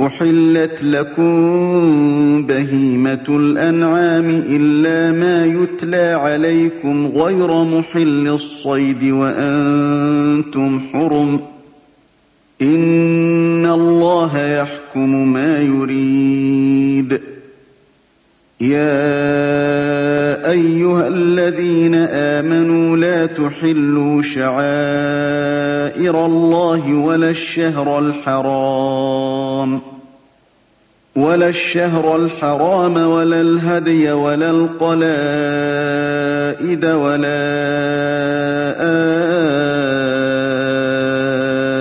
أحلت لكم بهيمة الأنعام إلا ما يتلى عليكم غير محل الصيد وأنتم حرم إن الله يحكم ما يريد يَا أيها الذين آمنوا لا تحلوا شعائر الله ولا الشهر الحرام ولا الشهر الحرام ولا الهدي ولا القلائد ولا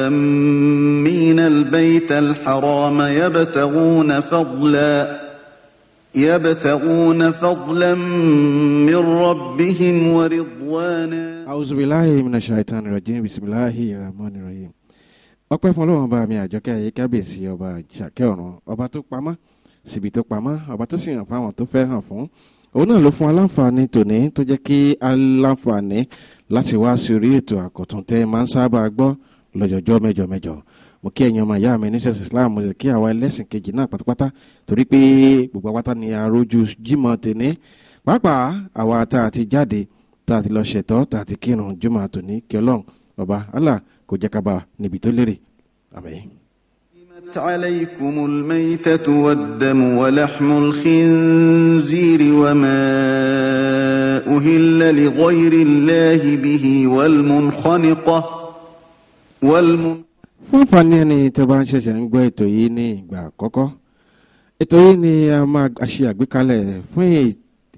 آمين البيت الحرام يبتغون فضلاً يبتغون فضلا من ربهم ورضوانا أعوذ بالله من الشيطان الرجيم بسم الله الرحمن الرحيم ọpẹ́ fún Ọlọ́run ọba mi àjọkẹ́ ayé kábíyèsí ọba ìṣàkẹ́ ọ̀run ọba tó pamọ́ síbi tó pamọ́ ọba tó sì hàn fáwọn tó fẹ́ hàn fún òun náà ló fún aláǹfààní tòní tó jẹ́ kí aláǹfààní láti wá sí orí ètò àkọ̀tún tẹ́ máa ń sábà gbọ́ lọ́jọ́jọ́ mẹ́jọ mẹ́jọ. mo kí ẹ̀yin ọmọ ìyá mi ní sẹ́sì islam mo kí àwa ẹlẹ́sìn kejì náà pátápátá torí pé gbogbo apáta ni àròjù jímọ̀ tèmi pàápàá àwa tá a ti jáde tá a ti lọ ṣètọ́ tá a ti kírun jímọ̀ tòní kí ọlọ́run ọba allah kò jẹ́ ká bá níbi tó lérè àmín. عليكم الميتة والدم ولحم الخنزير وما أهل لغير الله به والمنخنقة والمنخنقة fún ìfàní ẹni tí a bá ń ṣẹ̀ṣẹ̀ ń gbọ́ ètò yìí ní ìgbà àkọ́kọ́ ètò yìí ni a máa ṣe àgbékalẹ̀ fún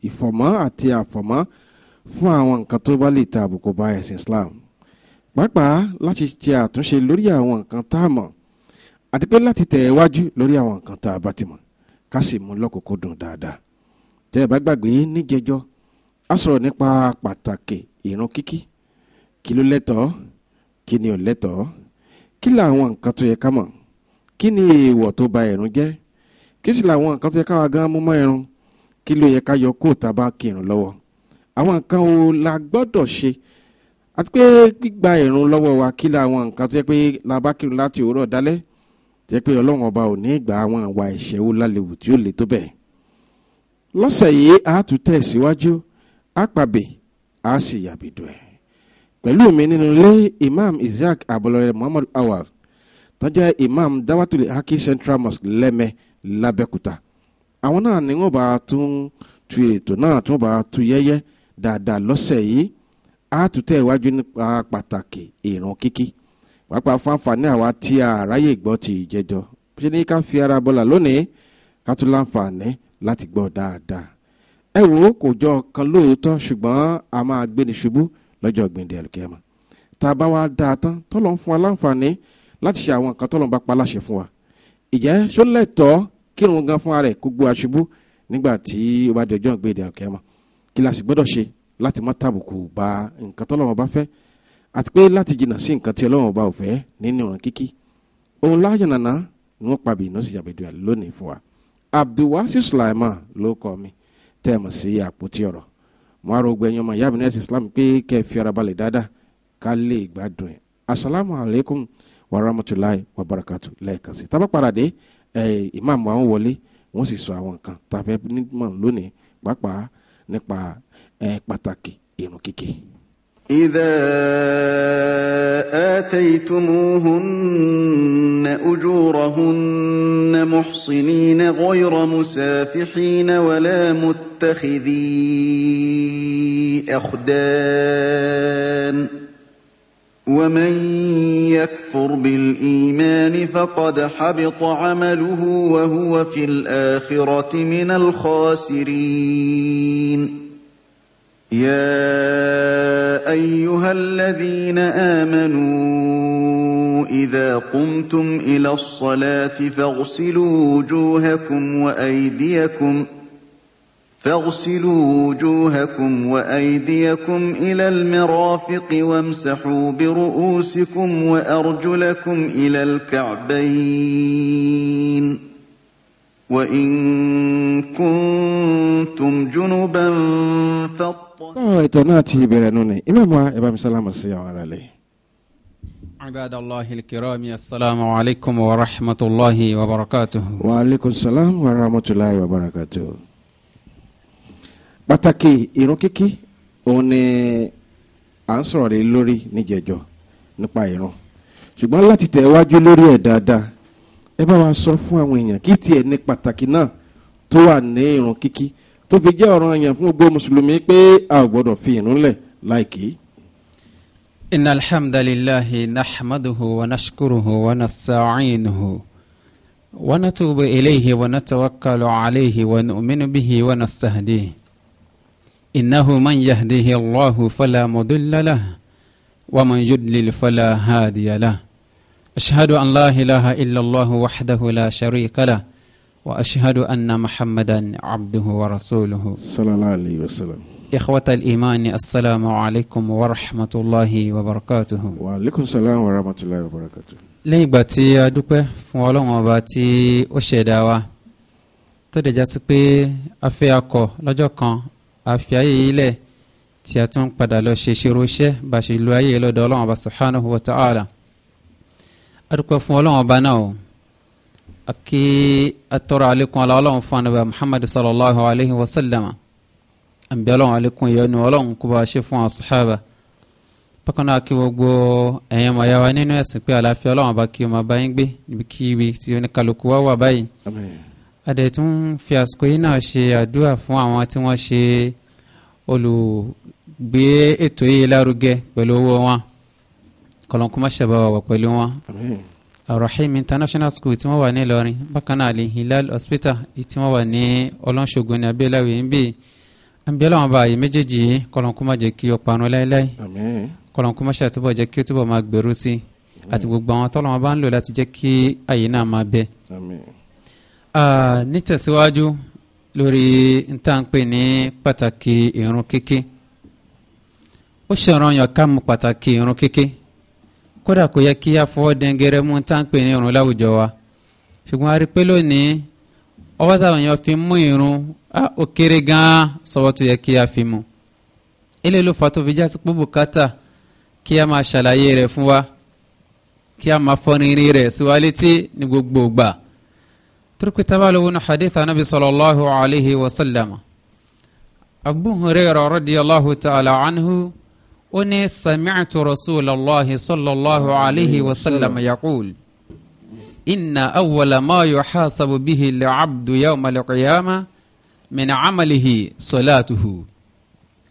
ìfọ̀mọ́ àti àfọ̀mọ́ fún àwọn nǹkan tó bá lè ta àbùkù bá ẹ̀sìn Islam pàápàá láti ṣe àtúnṣe lórí àwọn nǹkan tá a mọ̀ àti pé láti tẹ̀ wájú lórí àwọn nǹkan tá a bá ti mọ̀ ká sì mú lọ́kùnkúndùn dáadáa tẹ́ ẹ bá gbàgbé níjẹjọ́ a sọ̀rọ̀ nípa pàtàkì ìrun kíkí kí ló lẹ́tọ̀ọ́ kí ni ò lẹ́tọ̀ọ́ kí làwọn nǹkan tó yẹ ká mọ̀ kí ni èèwọ̀ tó ba ìrun jẹ́ kí sì làwọn nǹkan tó yẹ káwa gan mú mọ́ ìrun kí ló yẹ ká yọ kó tá a bá kírun lọ́wọ́ àwọn nǹkan wo la gbọ́dọ̀ ṣe àti pé gbígba ìrun lọ́wọ́ wa kí làwọn nǹkan tó yẹ pé la bá kírun láti òwúrọ̀ dálẹ́ tó yẹ pé ọlọ́run ọba ò ní ìgbà àwọn àwa ẹ̀ṣẹ̀ wo lálewù tí ó le tó bẹ́ẹ̀ lọ́sẹ̀ yìí a tún tẹ̀síwájú a sì yàbìdùn ẹ̀ pẹ̀lú mi nínú ilé imam isaac abolore muhammad awal tó jẹ́ imam dawatuli haki central mosque lẹ́mẹ̀ lábẹ́kúta àwọn náà ni wọ́n bá tún tu ètò náà tí wọ́n bá tu yẹ́yẹ́ dáadáa lọ́sẹ̀ yìí á tún tẹ̀ iwájú nípa pàtàkì ìran kíkí pàápàá fáǹfààní àwa tí a ráyè gbọ́ ti ìjẹjọ ṣe ní ká fi ara bọ́là lónìí ká tún láǹfààní láti gbọ́ dáadáa ẹ wo kò jọ kan lóòótọ́ ṣùgbọ́n a máa gbéni ṣubú lọ́jọ́ gbìndé àlùkìyàmà tá a bá wa dáa tán tọ́lọ̀ ń fún wa láǹfààní láti ṣe àwọn nǹkan tọ́lọ̀ ń bá pa láṣẹ fún wa ìjẹ́ sólẹ̀tọ́ kírun gan fúnra rẹ̀ kó gbó aṣubú nígbà tí ó bá di ọjọ́ gbìndé àlùkìyàmà kí la sì gbọ́dọ̀ ṣe láti má tàbùkù ba nǹkan tọ́lọ̀ wọn bá fẹ́ àti pé láti jìnnà sí nǹkan tí ọlọ́wọ́n bá ò fẹ́ nínú ọ̀ràn kíkí òun láàyàn nàná ni mi tẹ́ ẹ mo á rọ gbẹ̀yìn islam pé kẹ́ ẹ dada ara balẹ̀ dáadáa ká lè gbádùn ẹ̀ asalaamu alaykum wa rahmatulahi wa barakatu lẹ́ẹ̀kan sí tábà padà dé ẹ̀ ìmáàmù àwọn wọlé wọ́n sì sọ àwọn nǹkan tá a fẹ́ nímọ̀ lónìí pàápàá nípa ẹ̀ pàtàkì ìrun kíkí. إذا آتيتموهن أجورهن محصنين غير مسافحين ولا متخذي أخدان ومن يكفر بالإيمان فقد حبط عمله وهو في الآخرة من الخاسرين يا ايها الذين امنوا اذا قمتم الى الصلاه فاغسلوا وجوهكم وايديكم فاغسلوا وجوهكم وايديكم الى المرافق وامسحوا برؤوسكم وارجلكم الى الكعبين ètò náà ti bẹ̀rẹ̀ nù ni imam wa ẹ bá mi sálámà sí àwọn ará lẹ. Ibadallahi al-kirami assalamu alaykum wa rahmatullahi wa barakatuh. Wa alaykum salam wa rahmatullahi wa barakatuh. Pàtàkì ìrun kíkí òun ni à ń sọ̀rọ̀ lórí níjẹ̀jọ́ nípa ìrun. Ṣùgbọ́n láti tẹ̀ wájú lórí ẹ̀ dáadáa ẹ bá wa sọ fún àwọn èèyàn kí tiẹ̀ ní pàtàkì náà tó wà ní ìrun kíkí tó fi jẹ́ ọ̀ràn èèyàn fún gbogbo mùsùlùmí pé a ò gbọ́dọ̀ fi ìrun lẹ̀ láìkí. إن الحمد لله نحمده ونشكره ونستعينه ونتوب إليه ونتوكل عليه ونؤمن به ونستهديه إنه من يهده الله فلا مضل له ومن يضلل فلا هادي له أشهد أن لا إله إلا الله وحده لا شريك له وأشهد أن محمدا عبده ورسوله صلى الله عليه وسلم إخوة الإيمان السلام عليكم ورحمة الله وبركاته وعليكم السلام ورحمة الله وبركاته lẹ́yìn ìgbà tí a dúpẹ́ fún ọlọ́run ọba tí ó ṣẹ̀dá wa tó dẹ̀ já sí pé a fẹ́ akọ lọ́jọ́ kan a fi ayé yìí lẹ̀ tí a tún padà lọ ṣe ṣerú iṣẹ́ bá ṣe lu ayé lọ́dọ̀ ọlọ́run ọba subhanahu wa ta'ala adúpẹ́ fún ọlọ́run ọba náà o akí atọ́rọ alekun ala ọlọ́run fún anabẹ́ muhammad sallallahu alayhi wa sallam àbí ọlọ́run alekun ìyọnu ọlọ́run kó bá ṣe fún asahaba bákan náà kí gbogbo ẹ̀yàn mọ̀yá wa nínú ẹ̀sìn pé àlàáfíà ọlọ́run ọba kí o máa bá yín gbé níbikíbi tí oníkàlùkù wá wà báyìí adẹ̀tún fi àsìkò yìí náà ṣe àdúrà fún àwọn tí wọ́n ṣe olùgbé ètò yìí lárugẹ pẹ̀lú owó wọn kọlọ́nkúmọ́ ṣẹ̀bọ̀ wà pẹ̀lú wọn. arahim international school tí wọ́n wà ní ìlọrin bákan ali hilal hospital tí wọ́n wà ní ọlọ́ṣogun ní abẹ́láwì ń bì abẹ́lá wọn bá àyè méjèèjì yìí kọlọ́nkúmọ́ jẹ́ kí ó parun láéláé kọlọ́nkúmọ́ ṣàtúbọ̀ jẹ́ kí ó túbọ̀ máa gbèrú sí i àti gbogbo àwọn tọ́lọ́ wọn bá ń lò láti jẹ́ kí àyè náà máa bẹ. nítẹ̀síwájú lórí ntànpé ní pàtàkì ìrun kíkí ó ṣèrànyàn ká mú pàtàkì ìrun kíkí kódà kò yẹ kí a fọ́ dẹ́ngẹ́rẹ́ mú táǹpẹ̀ ní irun láwùjọ wa ṣùgbọ́n a rí pé lónìí ọwọ́ táwọn èèyàn fi mú irun ó kéré gan-an sọ́wọ́ tó yẹ kí a fi mú ilé ló fà tó fi já pé bùkátà kí a máa ṣàlàyé rẹ̀ fún wa kí a máa fọ́nrin rẹ̀ sí létí ní gbogbo ìgbà turki tabaalo wọnú hadith anabi sallallahu alayhi wa sallam abu hurairah radiyallahu ta'ala anhu. أني سمعت رسول الله صلى الله عليه وسلم يقول إن أول ما يحاسب به العبد يوم القيامة من عمله صلاته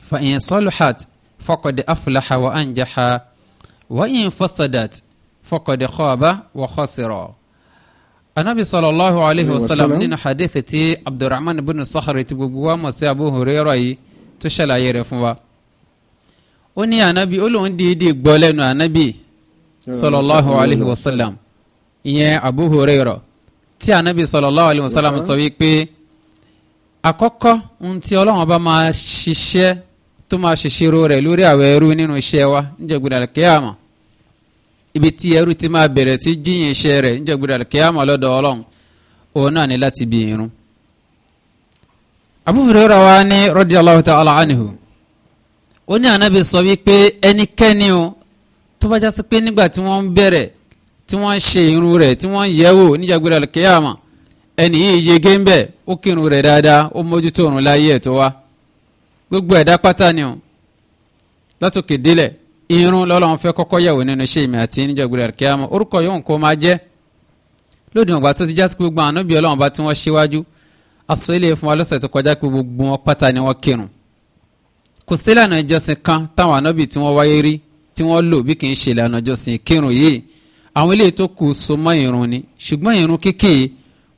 فإن صلحت فقد أفلح وأنجح وإن فسدت فقد خاب وخسر النبي صلى الله عليه وسلم من حديثة عبد الرحمن بن الصخر تبقى وما سيابوه ريري تشلا يرفوه ó ní ànábì ó lóun dídì gbọ́ lẹ́nu ànábì sallallahu alayhi wa sallam ìyẹn Abu Hurairah tí ànábì sallallahu alayhi wa sallam sọ wípé àkọ́kọ́ ohun tí ọlọ́run bá máa ṣiṣẹ́ tó máa ṣèṣirò rẹ̀ lórí àwọn ẹrú nínú iṣẹ́ wa níjẹ̀gbọ̀dà kíámà ibi tí ẹrú ti máa bẹ̀rẹ̀ sí jíyìn iṣẹ́ rẹ̀ níjẹ̀gbọ̀dà kíámà lọ́dọ̀ ọlọ́run òun náà ní láti bí irun. Abu Hurairah wa ní radiyallahu ta'ala ó ní ànábì sọ wípé ẹnikẹ́ni o tó bá jásí pé nígbà tí wọ́n ń bẹ̀rẹ̀ tí wọ́n ń ṣe irun rẹ̀ tí wọ́n ń yẹ̀ wò níjàgbére alkiyama ẹni yìí yege ń bẹ̀ ó kírun rẹ̀ dáadáa ó mójútó òrùn láyé ẹ̀ tó wá gbogbo ẹ̀dá pátá ni o látòkè délẹ̀ irun lọ́lọ́run fẹ́ kọ́kọ́ yẹ̀wò nínú iṣẹ́ ìmọ̀ àti níjàgbére alkiyama orúkọ yóò kó máa jẹ́ lóde ìgbà tó ti jásí gbogbo ànábì ọlọ́run bá tí wọ́n ṣíwájú àsọ ilé fún wa lọ́sẹ̀ tó kọjá pé gbogbo wọn pátá ni wọ́n kírun kò sí ìlànà ìjọsìn kan táwọn ànábì tí wọ́n wáyé rí tí wọ́n lò bí kì í ṣe ìlànà ìjọsìn kírun yìí àwọn eléyìí tó kù so mọ́ ìrun ni ṣùgbọ́n ìrun kíkì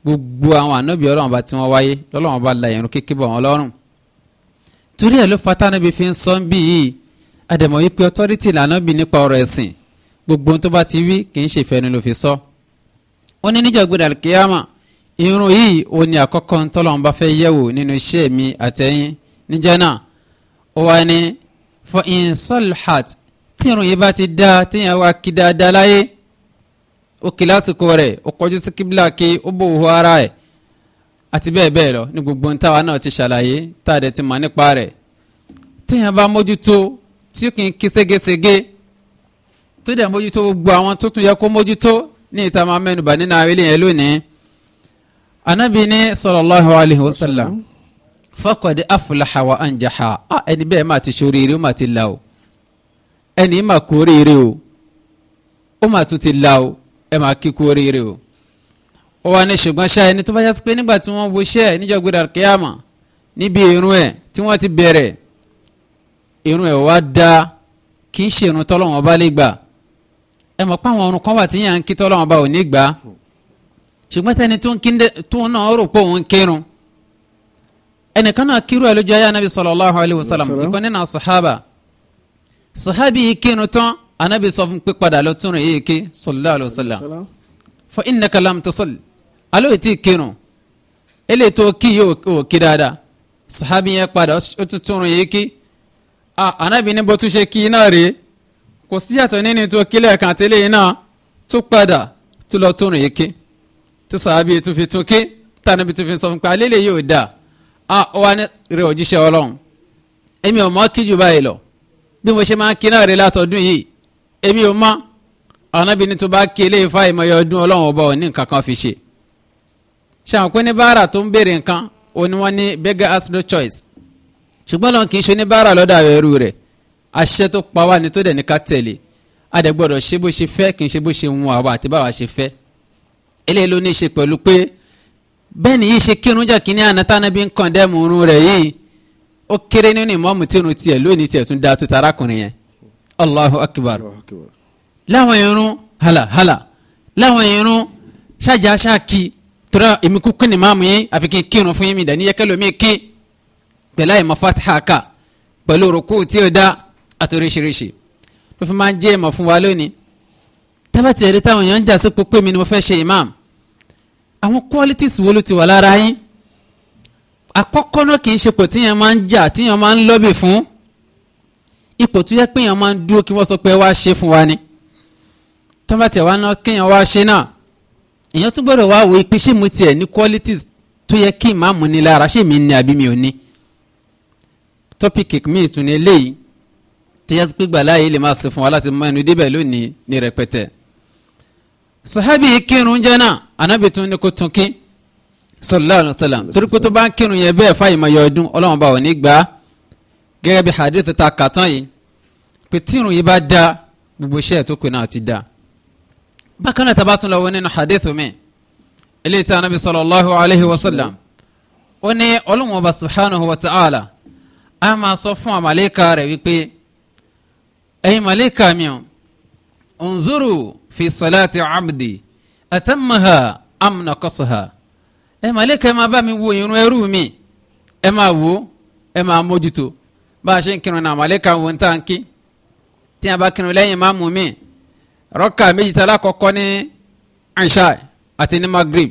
gbogbo àwọn ànábì ọlọ́run bá tí wọ́n wáyé lọ́lọ́run bá la ìrun kíkì bọ̀ wọ́n lọ́rùn torí ẹ̀ ló fata níbi fi ń sọ ń bí yìí àdèmọ̀ yìí pé ọtọ́rítì lànábì nípa ọ̀rọ̀ ẹ̀sìn gbogbo ohun tó bá ti wí kì í ṣe ìfẹ́nu ló fi sọ ó ní níjọ́ gbọdọ̀ kíyàmà ìrun yìí ó ní àkọ́kọ́ ń tọ́lọ́run bá fẹ́ yẹ̀wò nínú iṣẹ́ mi àtẹ̀yìn níjẹ́ náà ó wá ní fọ insolhat tí irun yìí bá ti dá téèyàn wá kí dáadáa láyé ó kí lásìkò rẹ̀ ó kọjú sí kíbla kí ó bò wọ ara ẹ̀ àti bẹ́ẹ̀ bẹ́ẹ̀ lọ ní gbogbo ntáwa náà ti ṣàlàyé tá a dẹ̀ ti mọ̀ nípa rẹ̀ téèyàn bá mójútó tí kì í kí ségesège tó dẹ̀ mójútó gbogbo àwọn tó tún yẹ kó mójútó ní ìta máa mẹ́nubà nínú àwọn yẹn lónìí Ànábì ní sallallahu alaihi wasallam fakọ̀dé afúláha wa anjaha a ẹni bẹ́ẹ̀ máa ti ṣoríire ó máa ti la o ẹni máa kú oríire o ó máa tún ti la o ẹ máa kíkú oríire o ó wà ní ṣùgbọ́n ṣáà ẹni tó bá yàtọ̀ pé nígbà tí wọ́n wo iṣẹ́ ẹ̀ níjọ́ gbéra irun ẹ̀ tí wọ́n ti bẹ̀rẹ̀ irun ẹ̀ wá da kì í ṣe irun tọ́lọ́wọ́n bá lè gbà ẹ mọ̀ pé àwọn ọ̀run kan wà yàn kí tọ́lọ́wọ́n bá ò ní gbà ṣùgbọ́n tẹ́ni tó ń kí náà rò pé òun kírun ẹnìkan náà kírú ẹ lójú ayé anabi sallallahu alayhi wa sallam ìkan nínú sahaba sahabi kírun tán anabi sọ fún pípadà lọ tún èyí ké sallallahu alayhi wa sallam fa innaka lam tusalli alóyè tí kírun eléyìí tó kí yóò ò kí dáadáa sahabi yẹn padà ó tún tún èyí ké anabi ní bó tún ṣe kí iná rèé kò síyàtọ̀ nínú tó kílẹ̀ kan tẹ́lẹ̀ iná tó padà tó lọ tún èyí ké tó sahabi tó fi tún ké tànàbí tó fi sọ fún pé alẹ́ lè yóò dáa a wa ne rẹ òjíṣẹ́ ọlọ́run èmi ò mọ̀ kí jù báyìí lọ bí mo ṣe máa kí náà rẹ látọdún yìí èmi ò mọ̀ ànábi ni tó bá kí eléyìí fa ìmọ̀ye ọdún ọlọ́run ọba òní nǹkan kan fi ṣe ṣàǹkó ní bara tó ń béèrè nǹkan òní wọn ní beggar has no choice ṣùgbọ́n lọ́n kì í ṣe ní báárà lọ́dọ̀ ẹrú rẹ̀ àṣẹ tó pa wá ni tó dẹ̀ ní ká tẹ̀lé adẹ̀gbọ́dọ̀ ṣe bó ṣe fẹ́ kì í ṣe bó ṣe wù àwa àti báwa ṣe fẹ́ eléyìí ló ní í ṣe pẹ̀lú pé bẹ́ẹ̀ ni yìí ṣe kírun jọ kínní àná tánábí ń kàn dẹ́mu irun rẹ̀ yìí ó kéré nínú ìmọ̀ọ́mù tínú tiẹ̀ lónìí tiẹ̀ tún da tó tarakùnrin yẹn allahu akbar láwọn irun hala hala láwọn irun ṣáàjà ṣáàkì tura èmi kúkú ni máàmù yín àfi kí n kírun fún yín mi dání yẹkẹ́ lómi kí pẹ̀lú àyè mafatiha ká pẹ̀lú rukú tí o dá àtòríṣiríṣi ló fi máa ń jẹ́ ìmọ̀ fún wa lónìí tábàtì ẹ̀rí táwọn èèyàn ń jà sí pípé mi ni mo fẹ́ ṣe imam àwọn qualities wo ló ti wà lára yín àkọ́kọ́ náà kì í ṣe pò tíyẹn máa ń jà tíyẹn máa ń lọ́bì fún ipò tó yẹ pé èèyàn máa ń dúró kí wọ́n sọ pé wá ṣe fún wa ni tó bá náà kéèyàn wá ṣe náà èèyàn tún gbọ́dọ̀ wá wo ipe ṣé mo tiẹ̀ ní qualities tó yẹ kí ìmáàmù ní lára ṣé mi ní àbí mi ò ní tọ́pìkì mi ìtúnú eléyìí tó yẹ pé gbàláyé lè máa ṣe fún wa láti mọ ẹnu débẹ̀ lónìí ní rẹpẹtẹ sahabi kírun jẹ́nà anabi tún ní kó tún kí sallallahu alayhi wa sallam torí pé tó bá ń kírun yẹn bẹ́ẹ̀ fáyìí máa yọ ọdún ọlọ́run bá wọ̀ ní gbà á gẹ́gẹ́ bí hadith ta kàtán yìí pé tírun yìí bá da gbogbo iṣẹ́ tó kù náà ti da bákan náà tábà lọ wọ nínú hadith mi eléyìí tí anabi sallallahu alayhi wa sallam ó ní ọlọ́run ọba subhanahu wa ta'ala a máa sọ fún àmàlẹ́kà rẹ̀ wípé ẹ̀yin màlẹ́kà mi ò ń fi salati abdi atamaha amna kọsaha ẹ màlẹ́kà ẹ máa bá mi wo irun ẹrú mi ẹ máa wo ẹ máa mójútó bá a ṣe ń kírun náà màlẹ́kà wo ń tà ń kí tí a bá kírun lẹ́yìn máa mú mi rọ́kà méjìlá kọ́kọ́ ní àṣà àti ní magrib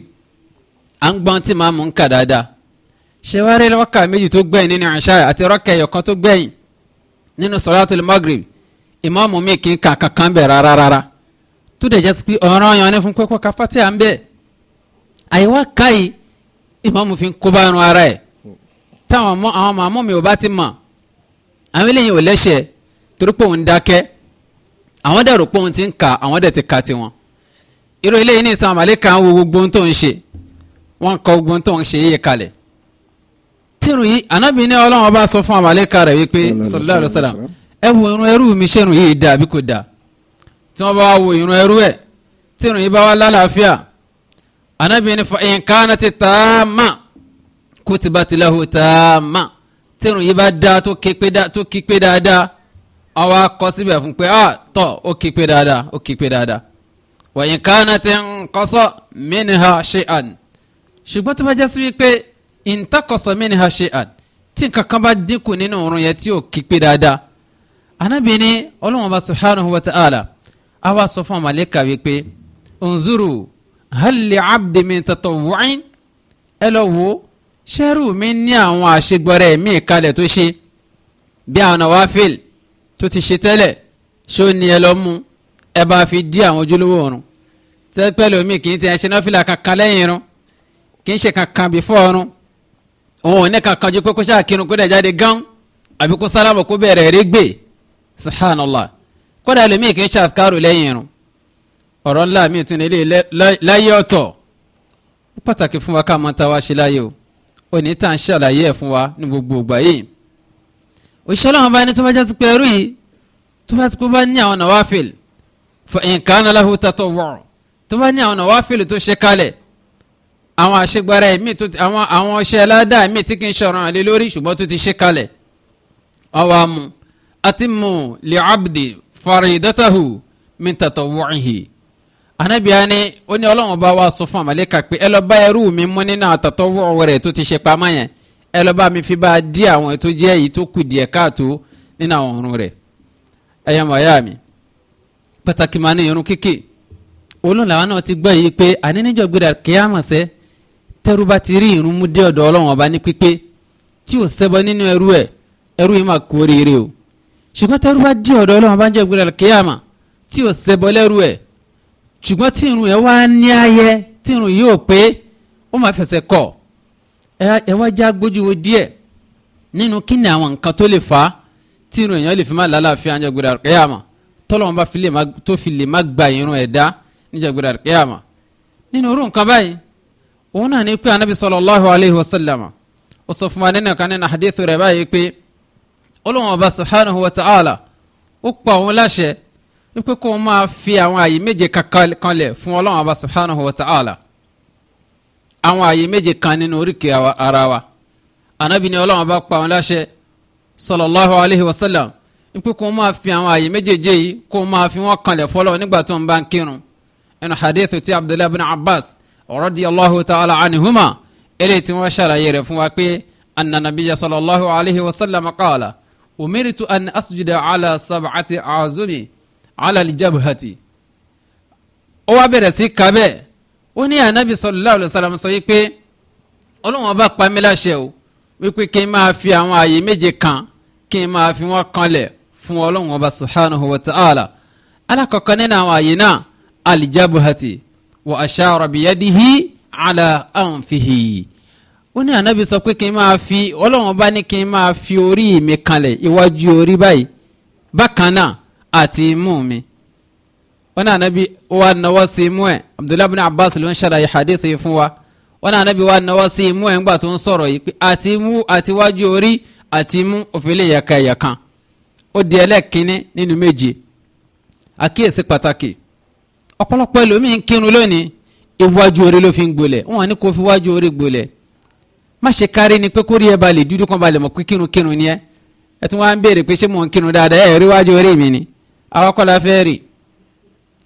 à ń gbọ́n tí màá mú ń dáadáa ṣé wàá rí gbẹ̀yìn nínú àṣà àti rọ́kà ẹ̀yọ̀kan tó gbẹ̀yìn nínú sọ̀rọ̀ àtúlẹ̀ magrib ìmáàmù mi kì í kà kankan bẹ̀ rárá rárá. Rá tó dẹ̀ jẹ́ sí pé ọ̀ràn yan ni fún pé kó ka fatiha ń bẹ̀ àyẹ̀wò ká yìí ìmáàmù fi ń kóbá irun ara ẹ̀ táwọn ọmọ àwọn màmú mi ò bá ti mọ̀ àwọn eléyìí ò lẹ́sẹ̀ torí pé òun dákẹ́ àwọn dẹ̀ pé òun ti ń kà àwọn dẹ̀ ti kà tiwọn irú eléyìí ní ìsàn àmàlẹ́ kan wo gbogbo ohun tó ń ṣe wọ́n ń kọ gbogbo ohun tó ń ṣe yíyẹ kalẹ̀ tírù yìí ànábì ní ọlọ́run ọba sọ fún àmàlẹ́ kan rẹ̀ wípé sallallahu alaihi wasallam ẹ wo irun ẹrú mi ṣẹ́rù yìí dáa bí kò dáa tí wọ́n bá wá wo ìrun ẹrú ẹ̀ tí ìrun yìí bá wá lálàáfíà anabi ní fa in kanati taama kutibat lahu taama tí ìrun yìí bá dá tó kí pé dáadáa àwa kọ síbẹ̀ fún pé ah tọ́ ó kí pé dáadáa ó kí pé dáadáa wa in kanati nqasa minha shay'an ṣùgbọ́n tó bá jẹ́ sí wípé intaqasa minha shay'an tí nǹkan kan bá dínkù nínú ìrun yẹn tí ò kí dáadáa anabi ní ọlọ́wọ́n bá subhanahu wa ta'ala a wá sọ fún amaleka wípé nzuru hali abdi mi tọ̀tọ̀ wọ́n ẹ lọ wo ṣẹ́rù mi ní àwọn àṣegbọ́rẹ́ mi kalẹ̀ tó ṣe bí àwọn nawafil tó ti ṣe tẹ́lẹ̀ ṣó ni ẹ lọ mú ẹ fi dí àwọn ojúlówó ọ̀run tẹ́pẹ́lú mi kì í ti ẹ ṣe nọ́fìlà kankan lẹ́yìn irun kì í ṣe kankan bí fọ́ọ̀run òun ò ní kankan ju pé kó ṣáà kó dẹ̀ jáde gán àbí sálámù kó bẹ̀rẹ̀ rí gbé subhanallah kódà ẹlòmíì kì í ṣàfikárò lẹ́yìn irun ọ̀rọ̀ ńlá mi tún nílé láyé ọ̀tọ̀ pàtàkì fún wa ká mọ táwa ṣe láyé o òní tá à ń ṣàlàyé ẹ̀ fún wa ní gbogbo ìgbà yìí òṣìṣẹ́ ọlọ́run bá ní tó bá jásí pé ẹrú yìí tó bá ti kó bá ní àwọn nàwáfíìl fa nǹkan aláhu tatọ̀ wọ̀rọ̀ tó bá ní àwọn nàwáfíìl tó ṣe kalẹ̀ àwọn àṣegbára ẹ̀mí tó ti àwọn àwọn ọṣẹ aládàá ẹ̀mí tí kì í ṣọ̀rọ̀ àlè lórí ṣùgbọ́n tó ti ṣe kalẹ̀ ọwọ́ amú àti mú lè faridatahu min tatawucihi anabiani ó ní ọlọ́run bá wa sọ fún amaleka pé ẹ lọ bá ẹrú mi mú nínú àtọ̀tọ̀wọ̀ rẹ̀ tó ti ṣe pamọ́ yẹn ẹ lọ bá mi fi bá a dí àwọn tó jẹ́ èyí tó kù díẹ̀ káàtó nínú àwọn ọ̀run rẹ̀ ẹ̀yà mọ̀ọ́yà mi pàtàkì máa ní irun kíkì olóhùn làwọn náà ti gbọ́ yìí pé àní níjọ́ gbéra kíámọ̀sẹ́ tẹ́rú bá ti rí irun mú dé ọ̀dọ̀ ọlọ́run ọba ní pípé tí ò sẹ́bọ nínú ẹrú ẹ̀ ẹrú yìí máa kú oríire o ṣèpátẹ́rù bá dín ọ̀dọ̀ ọlọ́run bá ń jẹ́ ìgbéra kéèyàmà tí ò ṣẹbọ lẹ́rù ẹ̀ ṣùgbọ́n tí irun ẹ̀ wá ní ayẹ tí irun yìí ò pé ó máa fẹsẹ̀ kọ̀ ẹ wá já gbójú wo díẹ̀ nínú kí ni àwọn nǹkan tó lè fà á tí irun èèyàn lè fi máa lálàáfíà ń jẹ́ ìgbéra kéèyàmà tọ́lọ́run bá tó fi lè má gba irun ẹ̀dá ń jẹ́ ìgbéra kéèyàmà nínú irú nǹkan báyìí òun náà ní pé ọlọ́run ọba subhanahu wa ta'ala ó pa òun láṣẹ wípé kó o máa fi àwọn àyè méje kanlẹ̀ fún ọlọ́run ọba subhanahu wa ta'ala àwọn àyè méje kan nínú oríkèé ara wa anabi ni ọlọ́run ọba pa òun láṣẹ sallallahu alayhi wa sallam wípé kó o máa fi àwọn àyè méjèèjì yìí kó o máa fi wọ́n kanlẹ̀ fọlọ́ nígbà tó ń bá ń kírun ẹnu hadithu ti abdullahi bin abbas radiyallahu ta'ala anihuma eléyìí tí ṣàlàyé rẹ̀ fún wa pé anna nabiyya sallallahu alayhi wa sallam qaala umiritu an asjuda ala sab'ati azumi ala aljabhati ó wá bẹ̀rẹ̀ sí kabẹ́ ó ní anabi sallallahu alayhi wa sallam sọ yìí pé ọlọ́wọ́n bá pa mí láṣẹ o wípé kí n máa fi àwọn àyè méje kan kí n máa fi wọ́n kanlẹ̀ fún ọlọ́run ọba subhanahu wa ta'ala alákọ̀ọ́kọ́ nínú àwọn àyè náà alijabuhati wa ashara biyadihi ala anfihi ó ní ànábì sọ pé kí n máa fi ọlọ́wọ́n bá ní kí n máa fi orí mi kanlẹ̀ iwájú orí báyìí bákan náà àti imú mi ó ní ànábì wa nawọ́ sí imú ẹ̀ abdullahi bin abbas ló ń ṣàlàyé hadith yìí fún wa ó ní ànábì wa nawọ́ sí imú ẹ̀ ńgbà tó ń sọ̀rọ̀ yìí pé àti imú àti iwájú orí àti imú òfin lè yàkà ẹ̀yà kan ó di ẹlẹ́ẹ̀kínní nínú méje àkíyèsí pàtàkì ọ̀pọ̀lọpọ̀ ẹlòmíín kírun lónìí iwájú orí ló fi ń gbolẹ̀ wọn ní kó fi iwájú orí gbolẹ̀ má ṣe kárí ni pé kórìí ẹ ba lè dúdú kan ba lè mọ̀ pé kírun ni ẹ ẹ tún wá ń béèrè pé ṣé mò ń kírun dáadáa ẹ rí wájú orí mi ni àwa kọ́ la fẹ́ rì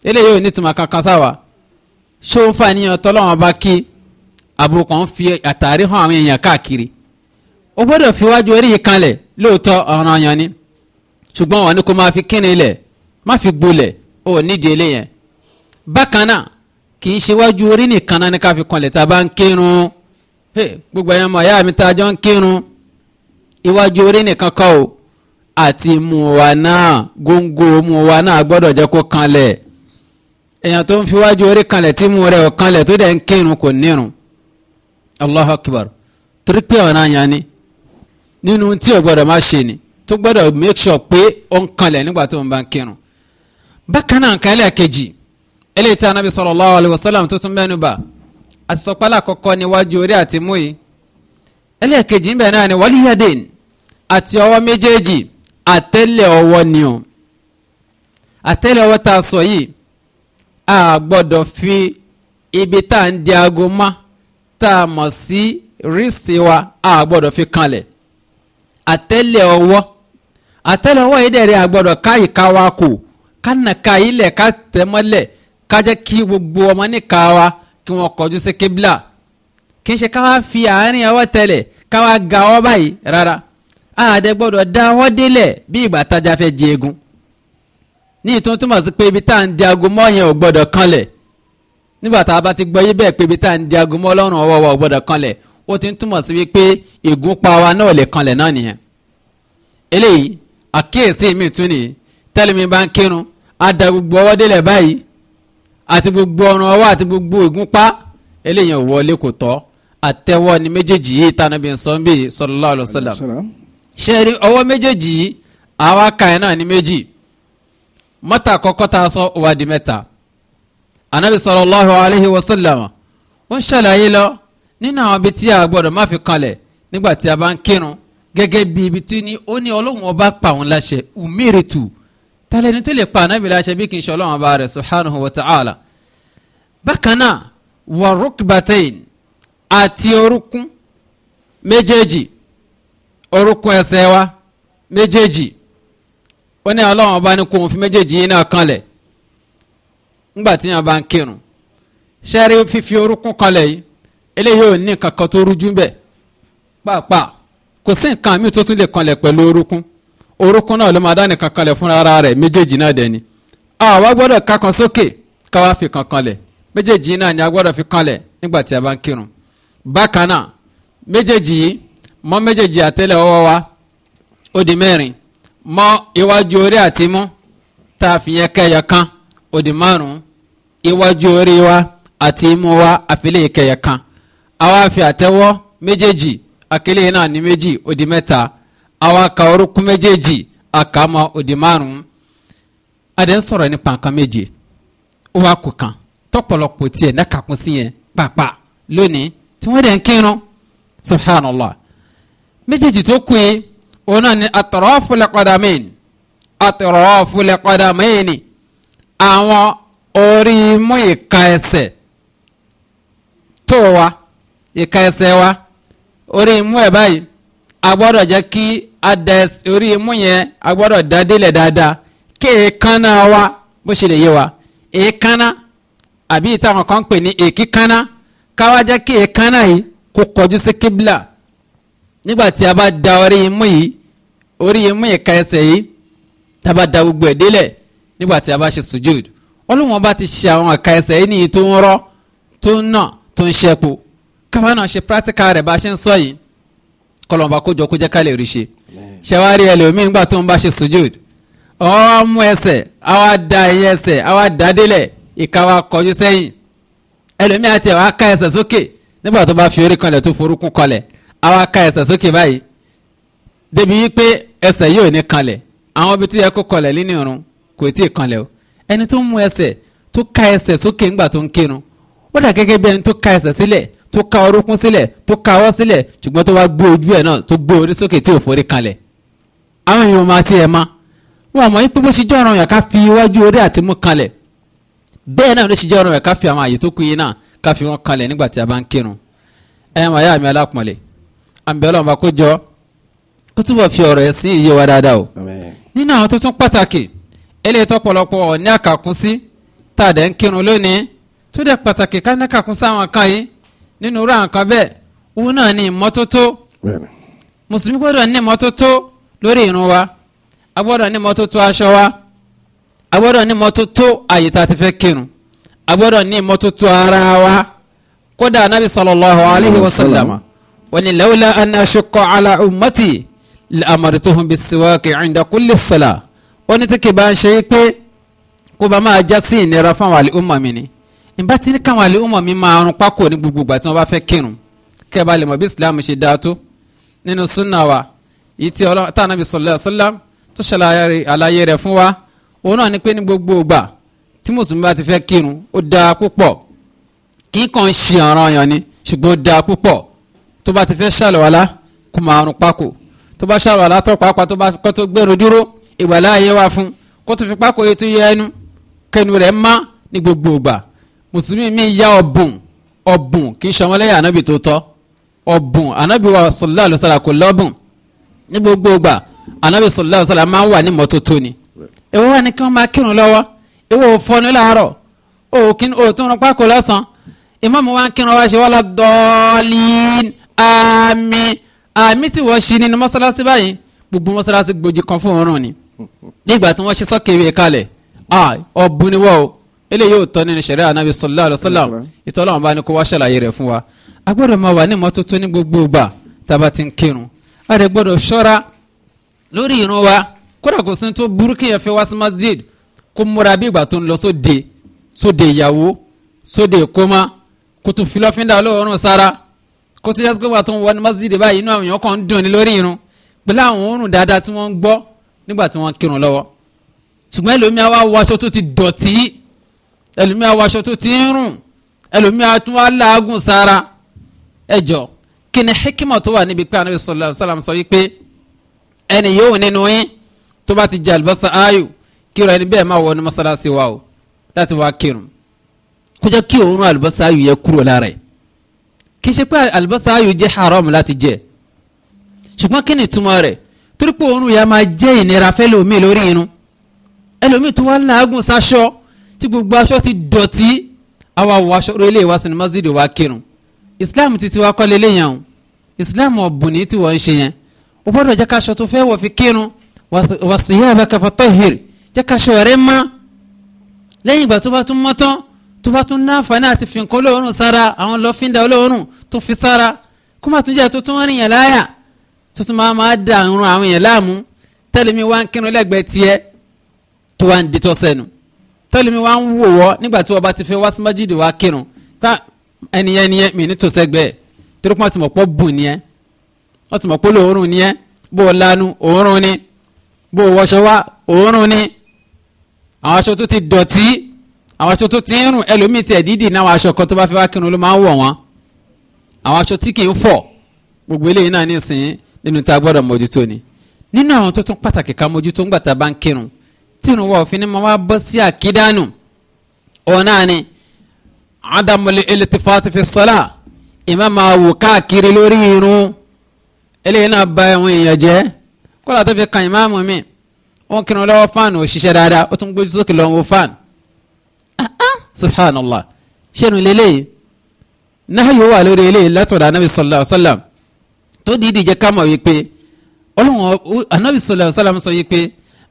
eléyìí ò ní tùmọ̀ kankan sáwa ṣó ń fa níyàn tọ́lọ́wọ́n bá kí àbúrò kan fi àtàrí hàn àwọn èèyàn káàkiri o gbọ́dọ̀ fi wájú orí yìí kanlẹ̀ lóòótọ́ ọ̀ràn yan ni ṣùgbọ́n wọn ni kò máa fi kíni lẹ̀ má fi gbolẹ̀ ò nídìí eléyẹn bákan náà kì í ṣe wájú orí nìkan náà ni ká fi kanlẹ̀ tá a bá ń kírun gbogbo ẹ̀yàn mọ̀ ẹ̀yà mi tá a jọ ń kírun iwájú orí nìkan kọ́ o àti mú wa náà góńgó mú wa náà gbọ́dọ̀ jẹ́ kó kanlẹ̀ èèyàn tó ń fi iwájú orí kanlẹ̀ tí mú rẹ̀ ò kanlẹ̀ tó dẹ̀ ń kírun kò nírun Allahu Akbar torí pé ọ̀nà yẹn ni nínú tí o gbọ́dọ̀ má ṣe ni tó gbọ́dọ̀ make sure pé ó ń kanlẹ̀ nígbà tó ń bá ń kírun bákan náà nǹkan ẹlẹ́ẹ̀kejì eléyìí tí Ànábì sallallahu alaihi wasallam tó tún mẹ́nu bà àtisọpálà kọ́kọ́ níwájú orí àti mú yìí ẹlẹ́ẹ̀kejì ńbẹ̀ náà ni wàlíyàdén àti ọwọ́ méjèèjì àtẹ́lẹ̀ ọwọ́ ni o àtẹ́lẹ̀ ọwọ́ tá a sọ yìí a gbọ́dọ̀ fi ibi tá à ń di aago mọ́ tá a mọ̀ sí rísì wa a gbọ́dọ̀ fi kanlẹ̀ àtẹ́lẹ̀ ọwọ́ àtẹ́lẹ̀ ọwọ́ yìí dẹ̀rẹ̀ a gbọ́dọ̀ ká ìka wa kù ká nàka ilẹ̀ ká tẹ̀mọ́lẹ̀ ká jẹ́ kí gbogbo ọmọ níka wa kí wọ́n kọjú sí kíbla kì í ṣe káwá fi àárín ọwọ́ tẹ̀lẹ̀ káwá ga ọwọ́ báyìí rárá àdẹ gbọ́dọ̀ dá ọwọ́ délẹ̀ bí ìgbà tájà fẹ́ jẹ egun ní ìtún túmọ̀ sí pé ibi tá à ń di aago mọ́ yẹn ò gbọ́dọ̀ kanlẹ̀ nígbà tá a bá ti gbọ́ yí bẹ́ẹ̀ pé ibi tá à ń di aago mọ́ lọ́rùn ọwọ́ wa ò gbọ́dọ̀ kanlẹ̀ ó ti ń túmọ̀ sí wípé ìgúnpá wa náà lè kanlẹ̀ náà nìyẹn eléyìí àkíyèsí mi tún nìyí tẹ́lẹ̀ bá ń kírun á da gbogbo ọwọ́ délẹ̀ báyìí àti gbogbo ọrùn ọwọ́ àti gbogbo ìgúnpá eléyìí ò wọlé kò tọ́ àtẹ́wọ́ ni méjèèjì yìí tànà bí nsọ́n bí sallallahu alaihi wasallam ṣe rí ọwọ́ méjèèjì yìí àwa kàn náà ní méjì mọ́tà kọ́kọ́ tá a sọ wà di mẹ́ta anabi sallallahu alaihi wasallam ó ń ṣàlàyé lọ nínú àwọn ibi tí a gbọ́dọ̀ má fi kanlẹ̀ nígbà tí a bá ń kírun gẹ́gẹ́ bí ibi tí ó ní ọlọ́run ọba pàwọn láṣẹ umiritu tálẹ́ni tó lè pa ànábì láṣẹ bí kì í ṣe ọlọ́run ọba rẹ̀ subhanahu wa ta'ala bákan náà wà rukbatain àti orúnkún méjèèjì orúnkún ẹsẹ̀ wa méjèèjì ó ní ọlọ́run ọba ní kóun fi méjèèjì yín náà kanlẹ̀ ńgbà tí yàn bá ń kírun ṣẹ́rí fífi orúnkún kanlẹ̀ yìí eléyìí ò ní nǹkan tó rújú bẹ́ẹ̀ pàápàá kò sí nǹkan míì tó tún lè kanlẹ̀ pẹ̀lú orúnkún orúkún náà ló máa dá nìkan kanlẹ̀ fúnra ara rẹ̀ méjèèjì náà dẹ̀ ni àwa gbọ́dọ̀ ká kan sókè káwa fi kan kanlẹ̀ méjèèjì náà ni a gbọ́dọ̀ fi kanlẹ̀ nígbà tí a bá ń kírun bákan náà méjèèjì yìí mọ́ méjèèjì àtẹ́lẹ̀ ọwọ́ wa ó di mẹ́rin mọ́ iwájú orí àti mú tá a fi yẹn kẹyọ kan ó di márùn iwájú orí wa àti imú wa àfilẹ̀ kẹyọ kan àwa fi àtẹ́wọ́ méjèèjì àkélé náà ní méjì ó di mẹ́ta awa ka orúkún méjèèjì àkà mọ òdì márùn-ún adé ń sọ̀rọ̀ nípa nǹkan méje ó wá kù kan tọ́pọ̀lọpọ̀ tiẹ̀ náà kàkún sí yẹn pàápàá lónìí tí wọ́n dẹ̀ ń subhanallah méjèèjì tó kù yìí òun náà ni atraful qadamain atraful qadamain ni àwọn orí mú ìka ẹsẹ̀ tó wa ìka ẹsẹ̀ wa orí mú ẹ̀ e báyìí a jẹ́ kí adẹ orí imú yẹn a gbọ́dọ̀ dá délẹ̀ dáadáa kéèkánná wa bó ṣe lè yé wa èékánná àbí ìtàwọn kan pè ní èkíkánná káwá jẹ́ kéèkánná yìí kó kọjú sí kíbla nígbà tí a bá da orí imú yìí orí imú ìka ẹsẹ̀ yìí tá a bá da gbogbo ẹ̀ délẹ̀ nígbà tí a bá ṣe sujud olùwọ́n bá ti ṣe àwọn ìka ẹsẹ̀ yìí nìyí tó ń rọ́ tó ń nà tó ń ṣẹ́po káwa náà ṣe practical rẹ̀ bá ṣe ń sọ yìí kọlọ̀ọ̀bá kójọ kó jẹ́ ká lè rí ṣe ṣẹwárí ẹlòmíì ńgbà tó ń bá ṣe sujud ọwọ́ mú ẹsẹ̀ àwa da ẹyẹ ẹsẹ̀ àwa dá délẹ̀ ìka wa kọjú sẹ́yìn ẹlòmíì àti àwa ká ẹsẹ̀ sókè nígbà tó bá fi orí kanlẹ̀ tó forúkún kanlẹ̀ àwa ká ẹsẹ̀ sókè báyìí débi wípé ẹsẹ̀ yóò ní kanlẹ̀ àwọn ibi tó yẹ kó kanlẹ̀ nínú irun kò tí ì kanlẹ̀ o ẹni tó mú ẹsẹ̀ tó ká ẹsẹ̀ sókè ńgbà tó ń kírun ó dà gẹ́gẹ́ bí ẹni tó ká ẹsẹ̀ sílẹ̀ tó ká orúnkún sílẹ̀ tó ká ọwọ́ sílẹ̀ ṣùgbọ́n tó wá gbé ojú ẹ̀ náà tó gbé orí sókè tí ò forí kanlẹ̀ àwọn èèyàn máa tiẹ̀ ma wọn mọ̀ yín pé bó ṣe jẹ́ ọ̀ràn yẹn ká fi iwájú orí àti mú kanlẹ̀ bẹ́ẹ̀ náà ló ṣe jẹ́ ọ̀ràn yẹn ká fi àwọn àyè tó fi wọn kanlẹ̀ nígbà tí a bá ń kírun ẹ wọn yá mi alápọ̀nlé àmì ọlọ́run bá kó jọ kó túbọ̀ fi ọ̀rọ̀ ẹ̀ sí iye o nínú àwọn tó tún pàtàkì eléyìí tó pọ̀lọpọ̀ ní sí tá a dẹ̀ ń kírun lónìí tó dẹ̀ pàtàkì ká ní kan yìí nínú irú àwọn kan bẹ́ẹ̀ òun lórí irun wa a gbọ́dọ̀ ní mọ́tótó aṣọ wa a gbọ́dọ̀ ní mọ́tótó àyè tá a ti fẹ́ kírun a gbọ́dọ̀ ní mọ́tótó ara wa kódà anabi sallallahu alayhi wa sallam wani lawla an ashqa ala ummati la amartuhum bisiwaki inda kulli sala wani tí kì bá ń ṣe é pé kó bá máa já sí ìnira fáwọn àlùmọ̀ mi ni ìbá ti ní káwọn àlùmọ̀ mi máa rún pákó ní gbogbo ìgbà tí wọ́n bá fẹ́ kírun kẹ́ bá lè mọ̀ bí islam ṣe dáa tó nínú sunna wa yìí tí ọlọ́run tá ànábì sallallahu alaihi wasallam tó ṣàlàyé àlàyé rẹ̀ fún wa òun náà ni pé ní gbogbo ìgbà tí mùsùlùmí bá ti fẹ́ kírun ó dáa púpọ̀ kí kàn ń ṣe ọ̀ranyàn ni ṣùgbọ́n ó dáa púpọ̀ tó bá ti fẹ́ ṣàlùwàlá kó máa rún pákò tó bá ṣàlùwàlá tó pàápàá tó bá kó tó gbèrò dúró ìgbàláàyè wà fún kó tó fi pákò yìí tó yẹ ẹnu kẹnu rẹ̀ má ní gbogbo ìgbà mùsùlùmí mi ya ọ̀bùn ọ̀bùn kì í ṣọmọlẹ́yà ànábì tó tọ́ ọ̀bùn ànábì wa sallallahu alaihi kò lọ́bùn ní gbogbo gbà anabi sallallahu alaihi wasallam máa ń wà ní mọ́tótó ni èwo wà ní kí wọ́n máa kírun lọ́wọ́ èwo ò fọnú láàárọ̀ òkín òtún rọpá kò lọ́sàn ìmáàmù wa ń kírun wá ṣe wọ́n lọ dọ́ọ̀lìn àmì àmì tí wọ́n ṣe nínú mọ́sálásí báyìí gbogbo mọ́sálásí gbòjì kan fún òórùn ni nígbà tí wọ́n ṣe sọ́kèwé kalẹ̀ ọ̀bùn ni wọ́n o eléyìí ò tọ́ nínú ṣẹ̀ríà anabi sallallahu alaihi wasallam a rẹ̀ gbọ́dọ̀ ṣọ́ra lórí ìrun wa kódà kò sí tó burú kí yẹn fẹ́ wá sí masjid kó múra bí ìgbà tó ń lọ sóde sóde ìyàwó sóde ìkómà kó tún fi lọ́fíńdà olóòórùn sára kó tó yẹ kó wà tó ń wọ ní masjid báyìí inú àwọn èèyàn kan ń dùn ní lórí ìrun pẹ̀lú àwọn òórùn dáadáa tí wọ́n ń gbọ́ nígbà tí wọ́n kírun lọ́wọ́ ṣùgbọ́n ẹlòmíà wá wọ tó ti dọ̀tí ẹlòmíà wọ tó ti ń rùn ẹlòmíà tún wá láàgùn sára ẹjọ́ kí ni hikima tó wà níbi pé anabi sallallahu alaihi wasallam sọ yìí pé ẹni yóò nínú yín tó bá ti jẹ àlùbọ́sà ayù kíra ẹni bẹ́ẹ̀ máa wọ ní masalasi wa o láti wá kírun kó jẹ́ kí òórùn àlùbọ́sà ayù yẹ kúrò lára ẹ̀ kì í ṣe pé àlùbọ́sà ayù jẹ́ haram láti jẹ ṣùgbọ́n kí ni ìtumọ̀ rẹ̀ torí pé òórùn yà máa jẹ́ ìnira fẹ́ lómi lórí inú ẹlòmíì tó wá láàgùn sáṣọ tí gbogbo aṣọ ti dọ̀tí àwa wọ aṣọ orílẹ̀ ìwà islam ti tiwa kọ́ lélẹ́yìn o islam ọ̀bùn ní tiwọ̀ ń ṣe yẹn o gbọ́dọ̀ jẹ́ ká aṣọ tó fẹ́ wọ̀ fi kírun wà siyabaka fatahhir jẹ́ ká aṣọ rẹ̀ mọ́ lẹ́yìn ìgbà tó bá tún mọ́ tán tó bá tún náfààní àti fi nǹkan olóòórùn sára àwọn lọ́fíńdà olóòórùn tó fi sára kó má tún jẹ́ tó tún rìn yẹn láyà tó tún máa máa dà irun àwọn yẹn láàmú tẹ́lẹ̀mí wá ń kírun lẹ́gbẹ̀ẹ́ tiẹ̀ tó wá ń ditọ́ sẹ́nu tẹ́lẹ̀mí wá ń wò wọ́ nígbà tí wọ́n bá ti fẹ́ wá sí májídì wá kírun ẹniyẹn niyẹn mi ní tó sẹ́gbẹ́ torí pé wọ́n ti mọ̀ pọ́ bù niyẹn wọ́n ti mọ̀ pọ́ lóòórùn niyẹn bó o lanu òórùn ni bó o wọṣọ wá òórùn ni àwọn aṣọ tó ti dọ̀tí àwọn aṣọ tó ti ń rùn ẹlòmíì tiẹ̀ dídì náà aṣọ kan tó bá fẹ́ wá kírun ló máa ń wọ̀ wọ́n àwọn aṣọ tí kì í fọ̀ gbogbo eléyìí náà nísìnyí nínú tá a gbọ́dọ̀ mójútó ni nínú àwọn tó tún pàtàkì ká mójútó ńgbà tá a bá ń kírun tínú wa òfin ni mo wá bọ́ sí àkídánù ọ̀nà ni adamuli elitifati fi sọla ìmá máa wò káàkiri lórí irun eléyìí náà ba àwọn èèyàn jẹ́ kódà tó fi kan ìmáàmù mi wọ́n kírun lọ́wọ́ fáànù òṣìṣẹ́ dáadáa ó tún gbójú sókè lọ́wọ́ fáànù subhanallah ṣẹ́nu lélẹ́yìí náà yóò wà lórí eléyìí látọ̀dọ̀ anabi sallallahu alayhi wa sallam tó dìídì jẹ́ kámọ̀ wípé ọlọ́wọ́n anabi sallallahu alayhi wa sallam sọ wípé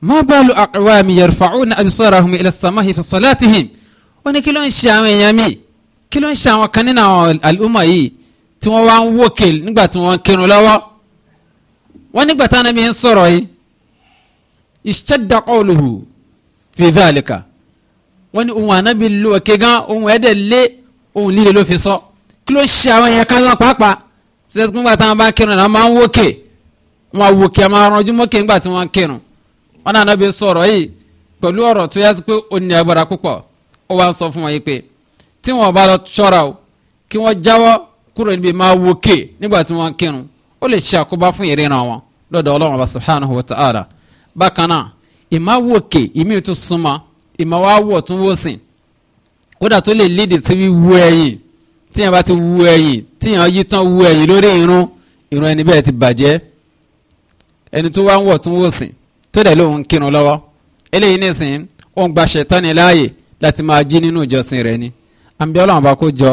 má bá lu aqwami yarfa'una absarahum ila samahi fi salatihim ó ní kí ló ń ṣe àwọn èèyàn míì kí ló ń ṣe àwọn kan nínú àwọn àlùmọ̀ yìí tí wọ́n wá ń wókè nígbà tí wọ́n ń kírun lọ́wọ́ wọ́n nígbà táwọn ẹbí ń sọ̀rọ̀ yìí ishadda qawluhu fi dhalika wọ́n ní ohun ànábì lò òkè gan ohun ẹ̀dẹ̀ lé ohun líle ló fi sọ kí ló ṣe àwọn èèyàn kan lọ pàápàá sẹ́sìn nígbà táwọn bá ń kírun náà máa ń wókè wọn àwòkè àmọ́ wọ́n ń kírun wọn ó wá sọ fún wọn yìí pé tí wọn bá lọ ṣọ́ra o kí wọ́n jáwọ́ kúrò níbi máa wo ké nígbà tí wọ́n kírun ó lè ṣe àkóbá fún ìríran wọn lọ́dọ̀ ọlọ́run ọba subhanahu wa ta'ala bákan náà ìmá wo ké ìmí tún súnmọ́ ìmá wá wọ̀ tún wò sìn kódà tó lè léde sí wíwú ẹ̀yìn tíyẹn bá ti wú ẹ̀yìn tíyẹn yí tán wú ẹ̀yìn lórí irun irun ẹni bẹ́ẹ̀ ti bàjẹ́ ẹni tó wá wọ̀ tún wò sìn tó dẹ̀ lóun kírun lọ́wọ́ eléyìí nísìnyí ó ń gba ṣẹ̀tánì láàyè láti máa jí nínú ìjọsìn rẹ̀ ni àmì ọlọ́run bá kó jọ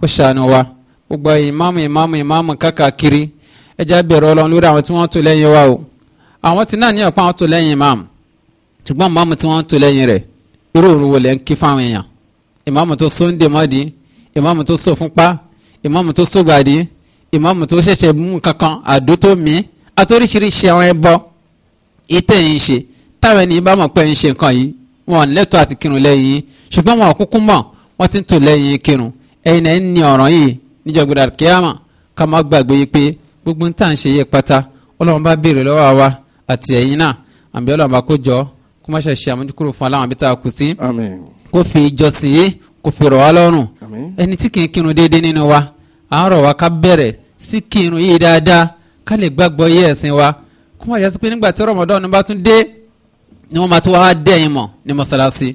kó ṣàánú wa gbogbo ìmáàmù ìmáàmù ìmáàmù káàkiri ẹja bẹ̀rù ọlọ́run lórí àwọn tí wọ́n tó lẹ́yìn wa o àwọn tí náà ní ọ̀pá àwọn tó lẹ́yìn ìmáàmù ṣùgbọ́n ìmáàmù tí wọ́n tó lẹ́yìn rẹ̀ irú òru wo lẹ́ ń kí fáwọn èèyàn ìmáàmù tó sóńdè mọ́dí ìmáàmù tó sọ fúnpá ìmáàmù tó sógbàdí ìmáàmù tó ṣẹ̀ṣẹ̀ mú kankan àdó tó àtóríṣiríṣi àwọn ẹbọ ìtẹ̀yìn ṣe táwọn ènìyàn bá mọ̀ pé ń ṣe nǹkan yìí wọn lẹ́tọ̀ àti kírun lẹ́yìn ṣùgbọ́n wọn kúkú mọ̀ wọ́n ti ń tò lẹ́yìn kírun ẹ̀yin náà ń ní ọ̀ràn yìí níjọgbìdà kíámà ká má gbàgbé yìí pé gbogbo ń tà ń ṣe yé pátá ọlọ́run bá béèrè lọ́wọ́ wa àti ẹ̀yin náà àbí ọlọ́run bá kó jọ kó má ṣe ṣe àmójúkúrò fún aláwọn abíta kù sí kó fi ìjọsìn yìí kó fi rọ̀ wá lọ́rùn ẹni tí kì í kírun déédéé nínú wa à ń rọ̀ wá ká bẹ̀rẹ̀ sí kírun yìí dáadáa ká lè gbàgbọ́ yé ẹ̀sìn wa kó má yẹ sí pé nígbà tí rọmọdọ́ọ̀nù bá tún dé ni wọ́n máa tó wá dẹ́yìn mọ̀ ní mọ́sálásí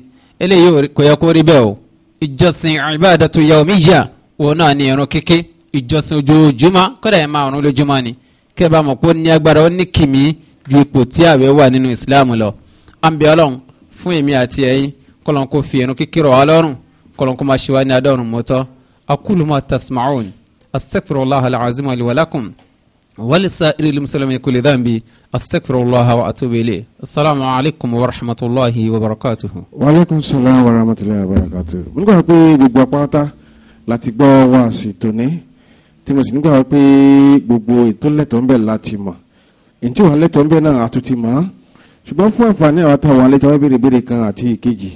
eléyìí kò yẹ kó rí bẹ́ẹ̀ o ìjọsìn ìbádàtu yawmiyya òun náà ni irun kíkí ìjọsìn ojoojúmọ́ kódà ẹ̀ máa rún lójúmọ́ ni kí ẹ bá mọ̀ pé ó ní agbára ó ní kìmí ju ipò tí àwẹ̀ wà nínú ìsìláàmù lọ. àǹbẹ̀ ọlọ́run fún èmi àti ẹ̀yin kọ́lọ́n kó fi irun kíkí rọ̀ wá lọ́rùn kọ́lọ́n kó máa ṣe wá ní adọ́rùn mọ́tọ́ aqulu tasma'un astaghfirullahal azim li ولسائر المسلمين كل ذنبي استغفر الله واتوب اليه السلام عليكم ورحمه الله وبركاته وعليكم السلام ورحمه الله وبركاته mo gbà pé gbogbo apáta láti gbọ́ wá sí tòní tí mo sì nígbà pé gbogbo ètò lẹ́tọ̀ọ́ ń bẹ láti mọ̀ èyí tí wọ́n lẹ́tọ̀ọ́ ń bẹ náà àtúntì mọ́ ṣùgbọ́n fún àǹfààní àwọn táwọn alẹ́ tí wọ́n béèrè béèrè kan àti ìkejì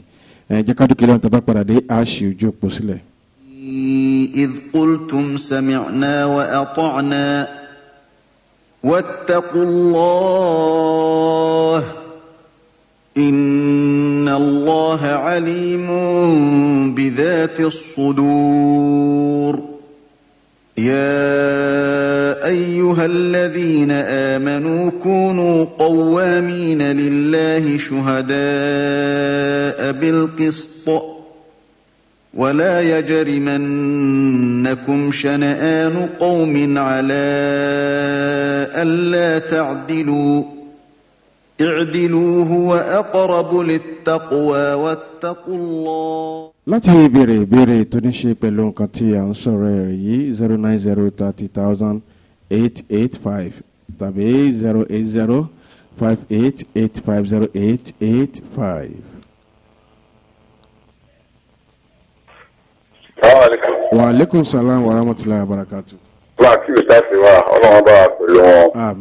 jẹ́ ká dúkìá lọ́nà tàbá padà dé àṣì ojú òpó sílẹ̀. إذ قلتم سمعنا وأطعنا واتقوا الله إن الله عليم بذات الصدور يا أيها الذين آمنوا كونوا قوامين لله شهداء بالقسط ولا يجرمنكم شنآن قوم على ألا تعدلوا اعدلوا هو أقرب للتقوى واتقوا الله لاتي بيري بيري تونيشي بلون كاتيا انصاري 0903 wa aleykum salaam wa rahmatulahi wa barakatu. fúlà kí ló dá sí wa ọlọ́run bá wa pẹ̀lú wọn.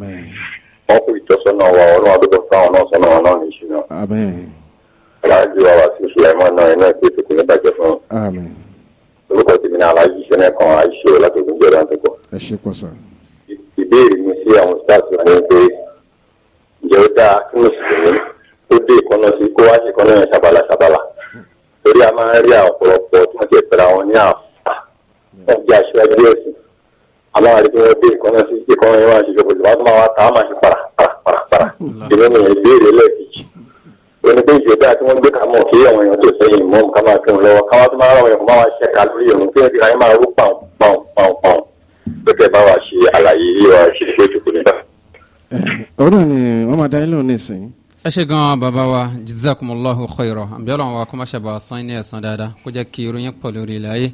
wọ́n kú ìtọ́sọ́nà wa ọlọ́run àdúgbò táwọn náà sọ́nà wọn náà nìṣúná. aláàjì wa wà sí sulaiman náà iná ìpè tó kù ní bàjẹ́ fún un. orúkọ tèmi náà aláàjì iṣẹ́ náà kan àìṣe látòkùn jẹ́rẹ́ àtẹ̀kọ́. ẹ ṣe kọ sá. ìbéèrè mi sí àwọn stars wa ni pé ǹjẹ́ ó dáa kí mùsùlùmí ó dé ìkọ́nà sí kó wá ṣe ìkọ́nà yẹn torí a máa ń rí ọ̀pọ̀lọpọ̀ tí wọ́n ti pẹ̀lú àwọn ní àfà wọ́n jẹ́ aṣíwájú ẹ̀sìn a máa rí bí wọ́n dé ìkànnà sí sí ìkànnà yẹn wọ́n ṣe ṣòfò ìjọba tó máa wá ta á máa ṣe para para para para ìlú mi ìbéèrè lẹ́ẹ̀kejì ó ní pé ìjọba tí wọ́n gbé ká mọ̀ kí àwọn èèyàn tó sẹ́yìn mọ́ ká máa fi wọn lọ́wọ́ ká wá tó máa ràn wọ́n máa ṣe kálórì òun kí wọ́n ti ra yín máa rú pàùn pàùn pàùn pàùn lókè bá wa ṣe àlàyé yìí wa ṣe ṣe é jù kú nígbà. ọ̀rọ̀ ni wọ́n máa dá ilé òun nísìnyí ẹ ṣe gan bàbá wa jazakumullahu khayra àbíọ́lá wa kó má ṣe bá a san ní ẹ̀san dáadáa kó jẹ́ kí irun yẹn pọ̀ lórí ilẹ̀ ayé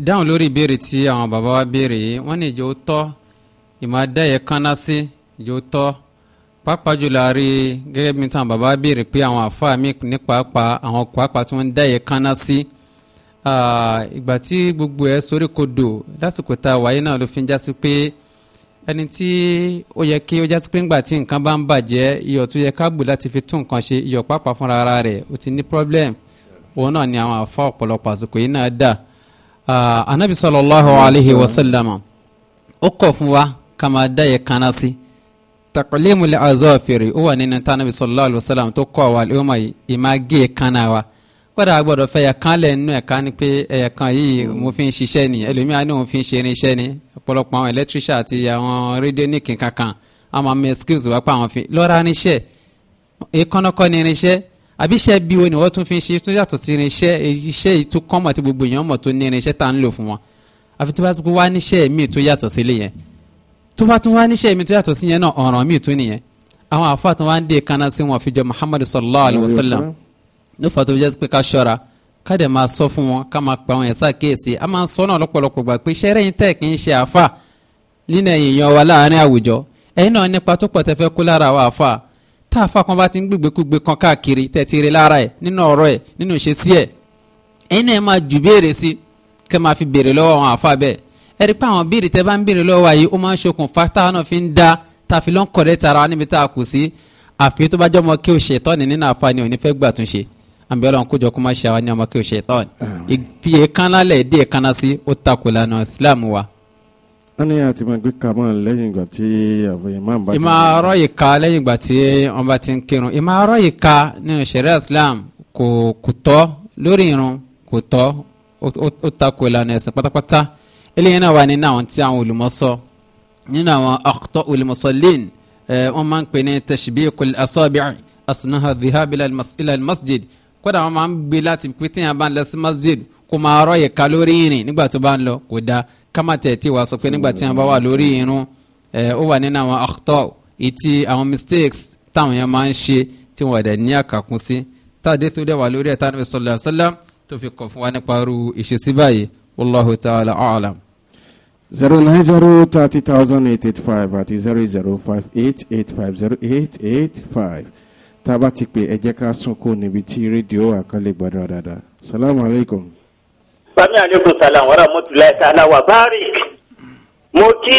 ìdáhùn lórí ìbéèrè tí àwọn bàbá wa béèrè yìí wọ́n ní ìjọ tọ́ ìmọ̀ adáyẹ kánná sí ìjọ tọ́ pàápàá jùlọ àárí gẹ́gẹ́ bí táwọn bàbá béèrè pé àwọn àfáà mi ní pàápàá àwọn pàápàá tí wọ́n ń dáyẹ kánná sí ìgbà tí gbogbo ẹ̀ sórí kodò lásìkò tá a wáyé náà ló fi ń já sí pé ẹni tí ó yẹ kí ó jásí pé ńgbà tí nǹkan bá ń bàjẹ́ iyọ̀ tó yẹ ká bù láti fi tún nǹkan ṣe iyọ̀ pápá fúnra ara rẹ̀ ó ti ní problem òun náà ni àwọn àfa ọ̀pọ̀lọpọ̀ àsìkò yìí náà dà anabi sallallahu alayhi wa sallam ó kọ̀ fún wa ká máa dá yẹ kaná sí taqlimul azafiri ó wà nínú tá anabi sallallahu alayhi wa sallam tó kọ́ wa ìmá gé kaná wa kódà gbọ́dọ̀ fẹ́ ẹ̀kan lẹ̀ nínú ẹ̀ka ni pé ẹ̀kan yìí mo fi ń ṣiṣẹ́ ni ẹlòmíà ní òun fi ń ṣe irinṣẹ́ ni ọ̀pọ̀lọpọ̀ àwọn electrician àti àwọn rédíónìkì kankan àwọn àmì skills wá pa àwọn fi lọ́ra irinṣẹ́ ìkọ́nọ́kọ́ ni irinṣẹ́ àbí bí wo ni wọ́n tún fi ń ṣe tún yàtọ̀ sí irinṣẹ́ iṣẹ́ yìí tó kọ́ mọ̀ tí gbogbo èèyàn mọ̀ tó ní irinṣẹ́ tá à ń lò fún wọn àfi tó bá tún wá níṣẹ́ míì tó yàtọ̀ sí Muhammadu sallallahu sallam ní fàtó jẹ́ pé ká ṣọ́ra ká dẹ̀ máa sọ fún wọn ká máa pa wọn yẹn ṣàkíyèsí a máa ń sọ náà lọ́pọ̀lọpọ̀ gbà pé ṣẹ́rẹ́ yín tẹ̀ kí n ṣe àáfà nínú èèyàn wa láàárín àwùjọ ẹ̀yin náà nípa tó pọ̀ tẹ́ fẹ́ kó lára wa àáfà tá àáfà kan bá ti ń gbégbékúgbé kan káàkiri tẹ̀ ti rí lára ẹ̀ nínú ọ̀rọ̀ ẹ̀ nínú ìṣesí ẹ̀ ẹ̀yin náà máa jù béèrè sí kẹ́ máa fi béèrè lọ́wọ́ àwọn àáfà bẹ́ẹ̀ ẹ rí pé àwọn béèrè tẹ́ bá ń béèrè lọ́wọ́ wa yìí ó máa ń ṣokùnfà táwọn náà fi ń da tàfi lọ́n kọ̀rẹ́ tara níbi tá a kù sí àfi tó bá jọmọ kí o ṣètọ́ ni nínú àfa ni ò fẹ́ gbà túnṣe an bẹ lọn kojọ kuma siya wa ni a ma k'o sẹtọn fiye kanna lẹ de ye kanna si o ta ko la nọ silamu wa. an y'a ti ma gbé kama lẹ́yìn ìgbà tí imam bá ti. ìmàrọ̀ yìí ka lẹ́yìn ìgbà tí wọ́n bá ti ń kírun ìmàrọ̀ yìí ka nínú sariya islam kò kò tọ́ irun kò tọ́ ta ko la nọ ẹ̀sìn pátápátá eléyìí náà wà nínú àwọn tí àwọn olùmọ̀sọ nínú àwọn akutọ olùmọ̀sọlẹ́n eh, wọ́n máa ń pè ní tashbih kul asabi' asnaha dhihab masjid kódà wọn máa ń gbé láti pé téèyàn bá ń lọ sí masjid kó máa rọ yẹ kalórí ìrìn nígbà tó bá ń lọ kó da kámá tí wàá sọ pé nígbà téèyàn bá wà lórí irun ẹ̀ ó wà nínú àwọn akutọ ìtì àwọn mistakes táwọn yẹn máa ń ṣe tí wọn dẹ̀ ní àkàkùn sí táàdé tó dẹ̀ wà lórí ẹ̀ táwọn sọlá sọlá tó fi kọ̀ fún wa nípa irú ìṣesí báyìí wallahu ta'ala a'lam. zero nine zero thirty thousand eight eight five àti zero zero five eight eight five zero eight eight five tá a bá ti pè ẹ jẹ́ ká sún kó níbi tí rédíò wà gbàdúrà dáadáa salamu aleykum. sami aleykum salam wa rahmatulahi ta'ala wa barik. mo kí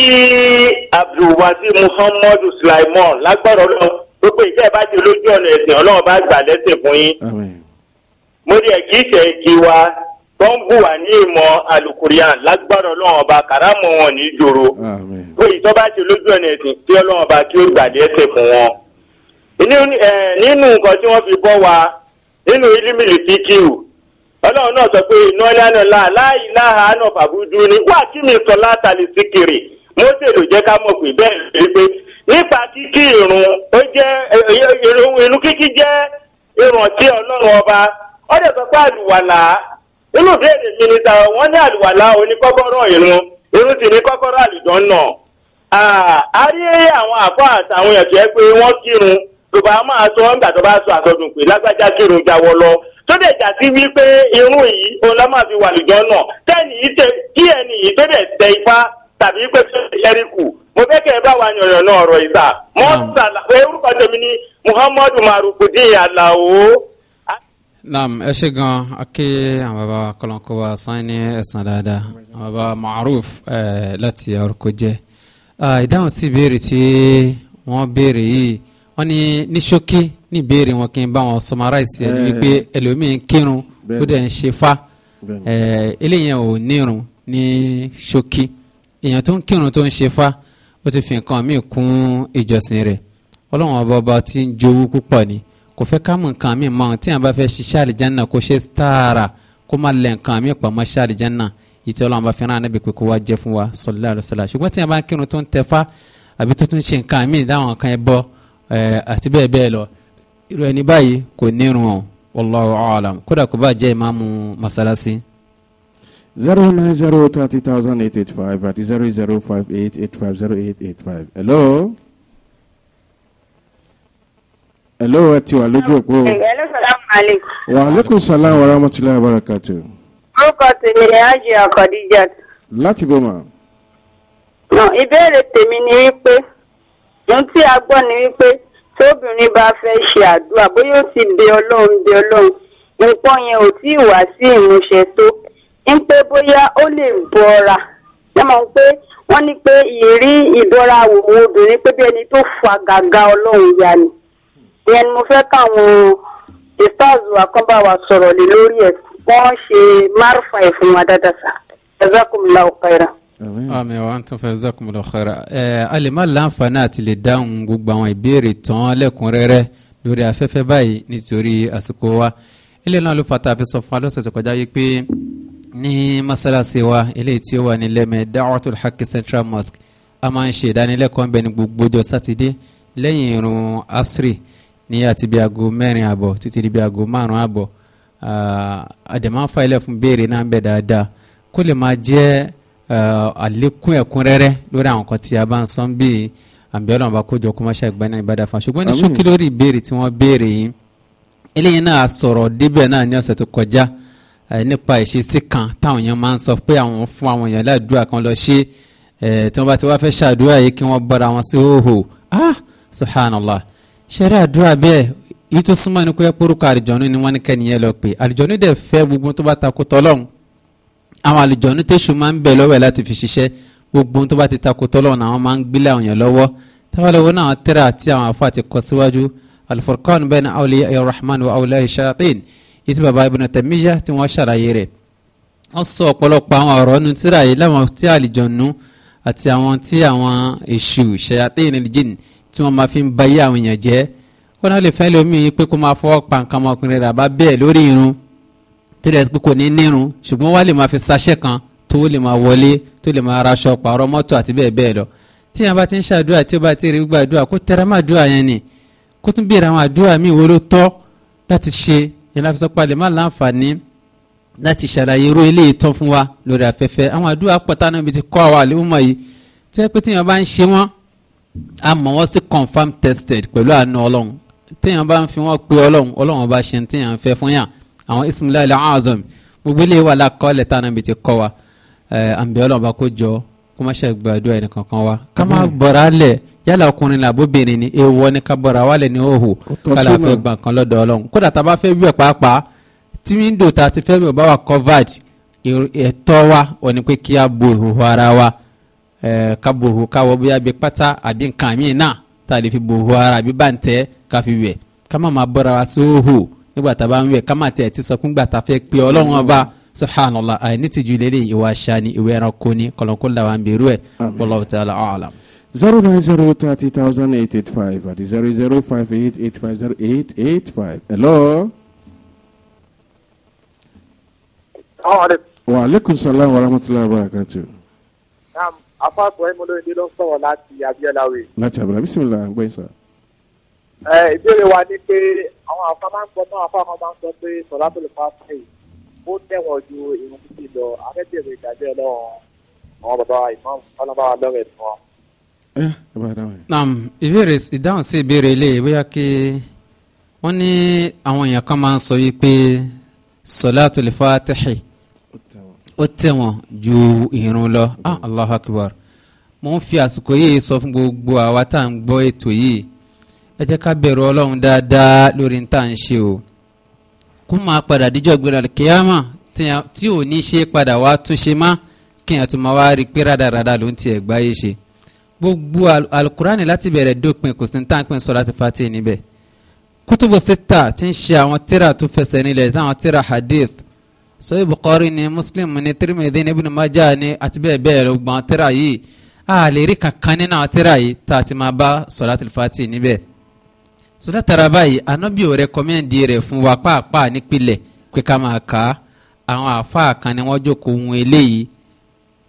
abdulwazi muhammadu sulaimon lágbára ọlọ́run gbogbo ìfẹ́ bá ti lójú ọ̀nà ẹ̀sìn ọlọ́run bá gbà lẹ́sìn fún yín. mo rí ẹ̀kí ìṣẹ̀ kí wa tó ń bù wá ní ìmọ̀ alukurian lágbára ọlọ́run ọba kàrámù wọn ní ìjòrò. gbogbo ìtọ́ bá ti lójú ọ̀nà ẹ̀sìn tí ọlọ́run ọba kí ó gbà lẹ́sìn fún wọn. Eh, nínú nǹkan tí wọ́n fi bọ́ wa nínú ilimili fikiu ọlọ́run náà sọ pé iná lánà la láì láha náà fàbúdú ni wà kí mi sọ látàlí síkiri mọ́tò ló jẹ́ ká mọ̀ pé bẹ́ẹ̀ ló pé nípa kíkí irun ó jẹ́ irun eh, kíkí jẹ́ ìrántí ọlọ́run ọba ọdẹ sọ pé àlùwàlà nínú ìbéèrè mi ni ta wọ́n ní àlùwàlà oníkọ́kọ́rọ́ irun irun sì ní kọ́kọ́rọ́ àlùdán náà ah, a rí àwọn àfọ àtàwọn pé wọ́n kírun yorùbá máa sọ ọ́n gbàdọ́ bá sọ àtọ́dún pé lágbájá kírun jáwọ́ lọ tó dẹ̀ jà sí wípé irun yìí òun la máa fi wà lùjọ́ náà tẹ́ni yìí tẹ kí ẹni yìí tó dẹ̀ tẹ ifá tàbí pé tó dẹ̀ ṣẹ́rí kù mo fẹ́ kẹ́ ẹ bá wa yànyàn náà ọ̀rọ̀ ìta hmm. mọ́ sàlà orúkọ tèmi ni muhammadu marufudin alao. naam ẹ ṣe gan ake àwọn baba kọlọńkọba sanni ẹsan dáadáa àwọn baba maruf ẹ láti orúkọ jẹ ìdáhùn sí ìbéèrè tí wọn béèrè yìí wọ́n ní ní ṣókí ní ìbéèrè wọn kí n bá wọn summarize ẹ eh. wípé ẹlòmíín kírun ó dẹ̀ ń ṣe fa eh, eléyìí ò nírun ní ṣókí èèyàn tó ń kírun tó ń ṣe fa ó ti fi nǹkan míì kún ìjọsìn rẹ̀ ọlọ́run ọba ọba ti ń jowú púpọ̀ ni kò fẹ́ ká mú nǹkan míì mọ́ tí èèyàn bá fẹ́ ṣiṣẹ́ àlìjánná kó ṣe tààrà kó má lẹ̀ nǹkan míì pọ̀ mọ́ ṣe àlìjánná yìí tí ọlọ́run bá fi rán anábì pé kó wá jẹ́ fún wa sallallahu alaihi wasallam ṣùgbọ́n tí èèyàn bá ń kírun tó ń tẹfa àbí tó tún ṣe nǹkan míì dáwọn nǹkan ẹ bọ́ àti bẹ́ẹ̀ bẹ́ẹ̀ lọ irú ẹni báyìí kò nírun o wallahu a'lam kódà kò bá jẹ́ ìmáàmù masalasi. zero nine zero thirty thousand eight eight five àti zero zero five eight eight five zero eight eight five hello hello ẹ ti wà lójú òpó. hello salamu aleykum. wa aleykum salaam wa rahmatulahi wa barakatu. orúkọ tèmi ni ájì àkọ́díjà. láti bọ́ ma. ìbéèrè tèmi ni wípé ohun tí a gbọ́ ni wípé tí obìnrin bá fẹ́ ṣe àdúrà bóyá ó ti bẹ ọlọ́run bẹ ọlọ́run nǹkan yẹn ò tí ì wá sí ìmúṣẹ tó ń pé bóyá ó lè bọra ṣé mo ń pé wọ́n ní pé ìrí ìdọ́ra àwòrán obìnrin pé bí ẹni tó fa gàgà ọlọ́run ya ni ìyẹn ni mo fẹ́ káwọn ìfáàzù àkànbá wa sọ̀rọ̀ lé lórí ẹ̀ wọ́n ṣe márùfà ẹ̀ fún wa dáadáa sá ẹ̀zá kò la ọ̀pá àmín wa antum fa jazakumullahu khaira ẹ a lè má láǹfààní àti lè dáhùn gbogbo àwọn ìbéèrè tán lẹ́kùnrẹ́rẹ́ lórí afẹ́fẹ́ báyìí nítorí àsìkò wa ilé náà ló fata àfi sọ fún wa lọ́sẹ̀ tó kọjá yìí pé ní masalasi wa eléyìí tí ó wà ní lẹ́mẹ̀ Da'watul Haqqi Central Mosque a máa ń ṣe ìdánilẹ́kọ̀ọ́ bẹ́ẹ̀ ní gbogbo ọjọ́ sátidé lẹ́yìn irun asri ní àti bí aago mẹ́rin àbọ̀ títí di bí aago márùn-ún àbọ̀ ah, àdèmá fàílẹ̀ fún béèrè náà ń bẹ dáadáa kó lè máa jẹ́ àlékún ẹ̀kúnrẹ́rẹ́ lórí àwọn kan tí a bá ń sọ bíi àbíọ́lọ́ ọba kójọ kó má ṣe àgbá náà ìbádà fún wa ṣùgbọ́n ní ṣókí lórí ìbéèrè tí wọ́n béèrè yìí eléyìí náà sọ̀rọ̀ débẹ̀ náà ní ọ̀sẹ̀ tó kọjá nípa ìṣesí kan táwọn èèyàn máa ń sọ pé àwọn fún àwọn èèyàn ládùúrà kan lọ ṣe tí wọ́n bá ti wá fẹ́ ṣàdúrà yìí kí wọ́n bọ́ra wọn sí hóhò ah subhanallah ṣẹ́rí àdúrà bẹ́ẹ̀ yìí tó súnmọ́ ní kó yẹ pórúkọ àlùjọ̀nú ni wọ́n ní kẹ́niyẹn lọ àwọn àlùjọ̀nú tẹ̀sù máa ń bẹ̀ lọ́wọ́ ẹ̀ láti fi ṣiṣẹ́ gbogbo ohun tó bá ti takò tọ́lọ́ náà wọ́n máa ń gbélé àwọn èèyàn lọ́wọ́ tábàlẹ̀ wọn náà tẹ́ra àti àwọn afọ àti kọ síwájú alifurkan bẹ́ẹ̀ ni awliya wa awliya shayatin yìí ti bàbá ibùnà tẹ̀míyà tí wọ́n ṣàlàyé rẹ̀ wọ́n sọ ọ̀pọ̀lọpọ̀ àwọn ọ̀rọ̀ nu tíra yìí láwọn tí àlìjọ̀nù àti àwọn tí àwọn èṣù shayatin aljin tí wọ́n máa fi ń bayé àwọn èèyàn jẹ́ wọ́n náà lè fẹ́ lómi pé kó máa fọwọ́ pa nǹkan ọmọkùnrin rà bá bẹ́ẹ̀ lórí irun tó dẹ̀ pé kò ní nírun ṣùgbọ́n wá lè máa fi sachet kan tó lè máa wọlé tó lè máa raṣọ pààrọ̀ mọ́tò àti bẹ́ẹ̀ bẹ́ẹ̀ lọ tí yẹn bá ti ń ṣàdúrà tí ó bá ti rí gbàdúrà kó tẹra má dúrà yẹn ni kó tún béèrè àwọn àdúrà míì wo ló tọ́ láti ṣe yẹn láfi sọ palẹ̀ má láǹfààní láti ṣàlàyé irú eléyìí tán fún wa lórí afẹ́fẹ́ àwọn àdúrà pàtàkì níbi ti kọ́ àwọn àlewọ́mọ yìí tó yẹ pé tí yẹn bá ń ṣe wọ́n a mọ̀ wọ́n sí confam tested pẹ̀lú àánú ọlọ́run tí yẹn bá ń fi wọ́n pe ọlọ́run ọlọ́run ọba ṣe tí yẹn ń fẹ́ fún yàn àwọn ismaila ilẹ̀ azọ́m gbogbo ilé wà lákọ́lẹ̀ tá a nàbì ti kọ́ wa àǹbí ọlọ́ọ̀bá kó jọ kó má ṣe gbàdúrà kankan wa ká má bọ̀rọ̀ alẹ̀ yálà ọkùnrin ni àbóbìnrin ni èèwọ̀ ni ká bọ̀rọ̀ awálẹ̀ ni òhù gbà kan kódà tá a bá tí ti mi ò bá wa covered wa ò ní pé kí a bo ìhòhò ara wa ká bo ìhòhò bóyá bí pátá àbí nígbà tá a bá ń wẹ̀ ká má tiẹ̀ ti sọ pé ńgbà tá a fẹ́ pe ọlọ́run ọba subhanallah ayi ní tìjú lélẹ̀ ìwà àṣà ni ìwé ẹranko ni kọlọ́nkó làwọn bẹ̀rù ẹ̀ wallahu ta'ala a'lam. zero nine zero thirty thousand eight eight five àti zero zero five eight eight five zero eight eight five. hello. wa aleykum salaam wa rahmatulahi barakatu. afa akọ ẹ mọlẹ ní lọ sọ̀rọ̀ láti abiyalawe. láti abiyalawe bisimilahi n sọ. ìbéèrè wa ni pé àwọn àfa máa ń gbọ́ máa ń pé sọ̀rọ̀ tó lè fa ó tẹ̀wọ̀n ju irun títí lọ akẹ́kẹ̀ẹ́ ìdájọ́ ọlọ́run àwọn bàbá ìmọ̀ ọlọ́ba lọ́rẹ̀ fún wa. naam ìbéèrè ìdáhùn sí ìbéèrè ilé ní àwọn èèyàn kan máa ń ẹ jẹ́ ká bẹ̀rù ọlọ́run dáadáa lórí ń tà ń ṣe o kó máa padà díjọ́ gbéra kíámà tí ò ní ṣe padà wá túnṣe má kíyàn tó máa wá rí pé rádaràda ló ń tiẹ̀ gbáyé ṣe gbogbo alukurani láti bẹ̀rẹ̀ dópin kò sí ń tàǹpin sọ láti fati níbẹ̀ kútùbù sítà ti ń ṣe àwọn tíra tó fẹsẹ̀ nílẹ̀ táwọn tíra hadith sọ́yìn Bukhari ni Muslim ni Tirmidhi ni Ibn Majah ni àti bẹ́ẹ̀ bẹ́ẹ̀ lọ gbọ́n tíra yìí a lè rí kankan nínú àwọn tíra yìí tá a ti máa bá sọ láti fati níbẹ̀ sọdá tara báyìí anábì ò rẹkọmẹ́ndì rẹ̀ fún wa pàápàá nípìnlẹ̀ pé ká máa kà á àwọn àáfàá kan ni wọ́n jókòó ohun eléyìí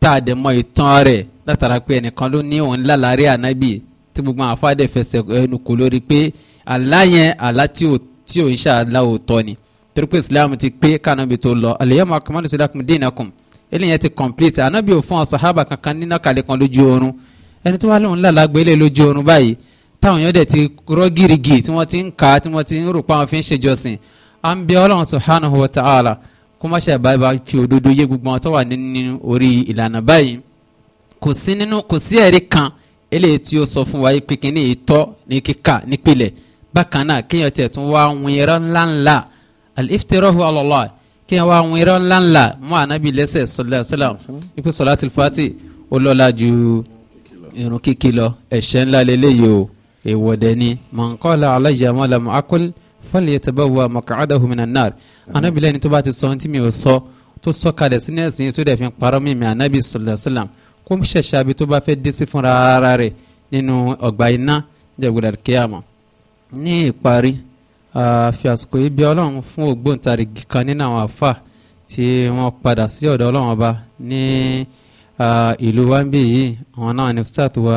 tá a dẹ̀ mọ ìtàn rẹ̀ látara pé ẹnìkan ló ní òun lálàárẹ̀ anábì tí gbogbo àwọn àáfàá dẹ̀ fẹsẹ̀ ẹnu kò lórí pé àlá yẹn àlá tí ò tí ò ń ṣe àlá òótọ́ ni torí pé Islam ti pé kánábì tó lọ al-yawma akmaltu lakum dinakum eléyẹn ti complete anábì ò fún àwọn sàhábà kankan nínú kàlẹ́ kan lójú oorun ẹni tó wà lóun lálàá gbélé lójú oorun báyìí táwọn èèyàn dẹ̀ ti rọ́ gírígì tí wọ́n ti ń kà á tí wọ́n ti ń rò pa àwọn fi ń ṣèjọsìn à ń bẹ ọlọ́run subhanahu wa ta'ala kó má ṣe àbáyébá fi òdodo yé gbogbo àwọn tó wà nínú orí ìlànà báyìí kò sí nínú kò sí ẹ̀rí kan eléyìí tí ó sọ fún wa pé kí ní ìtọ́ ní kíkà nípìlẹ̀ bákan náà kéèyàn tiẹ̀ tún wá àwọn irọ́ ńláńlá al-iftirahu Allah kéèyàn wá àwọn irọ́ ńláńlá mọ́ ànábì lẹ́sẹ̀ sallallahu alaihi wasallam ikú salatul fati ó lọ́lá ju irun kíkí lọ ẹ̀ṣẹ̀ ńlá lélẹ́yìí o èèwọ̀ dẹ̀ ni man qala alayya ma lam akul falyatabawwa maq'adahu minan nar anabi lẹ́ni tó bá ti sọ tí mi ò sọ tó sọ kalẹ̀ sínú ẹ̀sìn tó dẹ̀ fi parọ́ mi mi anabi sallallahu kó ṣẹ̀ṣẹ̀ àbí tó bá fẹ́ dé sí fúnra ara rẹ̀ nínú ọgbà iná jẹ̀gbọ́dà kíyàmọ̀ ní ìparí fi àsìkò yìí ọlọ́run fún ògbóǹtarìgì kan nínú àwọn àfà tí wọ́n padà sí ọ̀dọ̀ ọlọ́run ọba ní ìlú wambi yìí àwọn náà ní sátúwà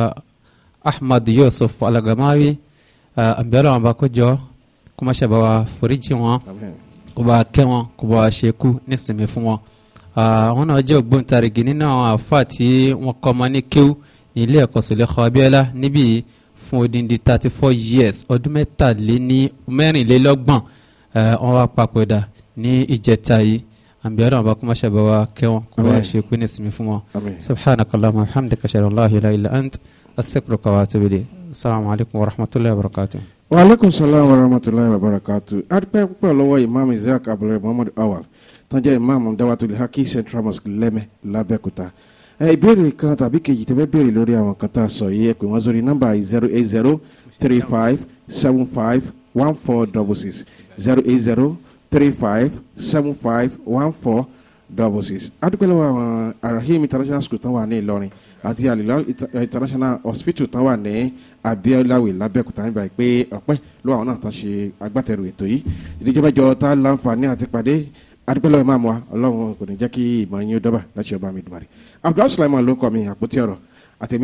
Ahmad yusuf alagamawi àbẹ̀rẹ̀ eh, wọn bá kó jọ kó má ṣàbà wa foríjì wọn kó bá kẹ́ wọn kó bá ṣe kú nísìnyí fún wọn. Eh, àwọn náà jẹ́ ògbóǹtarìgì nínú àwọn àfáà tí wọ́n ni ọmọ ní kéw ní ilé ẹ̀kọ́ sọ̀lẹ́kọ̀ fún odindi thirty four years ọdún mẹ́tàléní mẹ́rìnlélọ́gbọ̀n eh, wọn wá papòdà ní ìjẹta yìí àbíọ́dà wọn bá kó má ṣàbà wa kẹ́ wọn kó bá ṣe kú nísìnyí fún wọn. subhanakallahumma wa hamdika ashhadu an la ilaha illa ant. استكبرك واتبلي السلام عليكم ورحمة الله وبركاته وعليكم السلام ورحمة الله وبركاته أربع بلوى إمام إزاك عبد محمد أول تنجا إمام دعوة الحكي central mosque lẹ́mẹ̀ lábẹ́kúta ìbéèrè kan tàbí kejì tẹ́fẹ́ béèrè lórí àwọn kan tá a sọ yìí ẹ pè wọ́n sórí nọ́mbà zero eight zero three five seven five one four double six zero eight zero three five seven five one four double six adúpẹ́lẹ́wọ̀ àwọn arahim international school tán wà ní ìlọrin àti alilal international hospital tán wà ní abiolawe labẹ́kúta nígbà pé ọ̀pẹ́ ló àwọn náà tán ṣe agbátẹrù ètò yìí ìdíjọba ìjọ tá láǹfààní àti pàdé adúpẹ́lẹ́wọ̀ máa mọ́ ọlọ́run kò ní jẹ́ kí ìmọ̀ yín ó dọ́bà láti ọba mi dùmarì abdulhamu sulaiman ló kọ́ mi àpótí ọ̀rọ̀ àtẹ̀mí.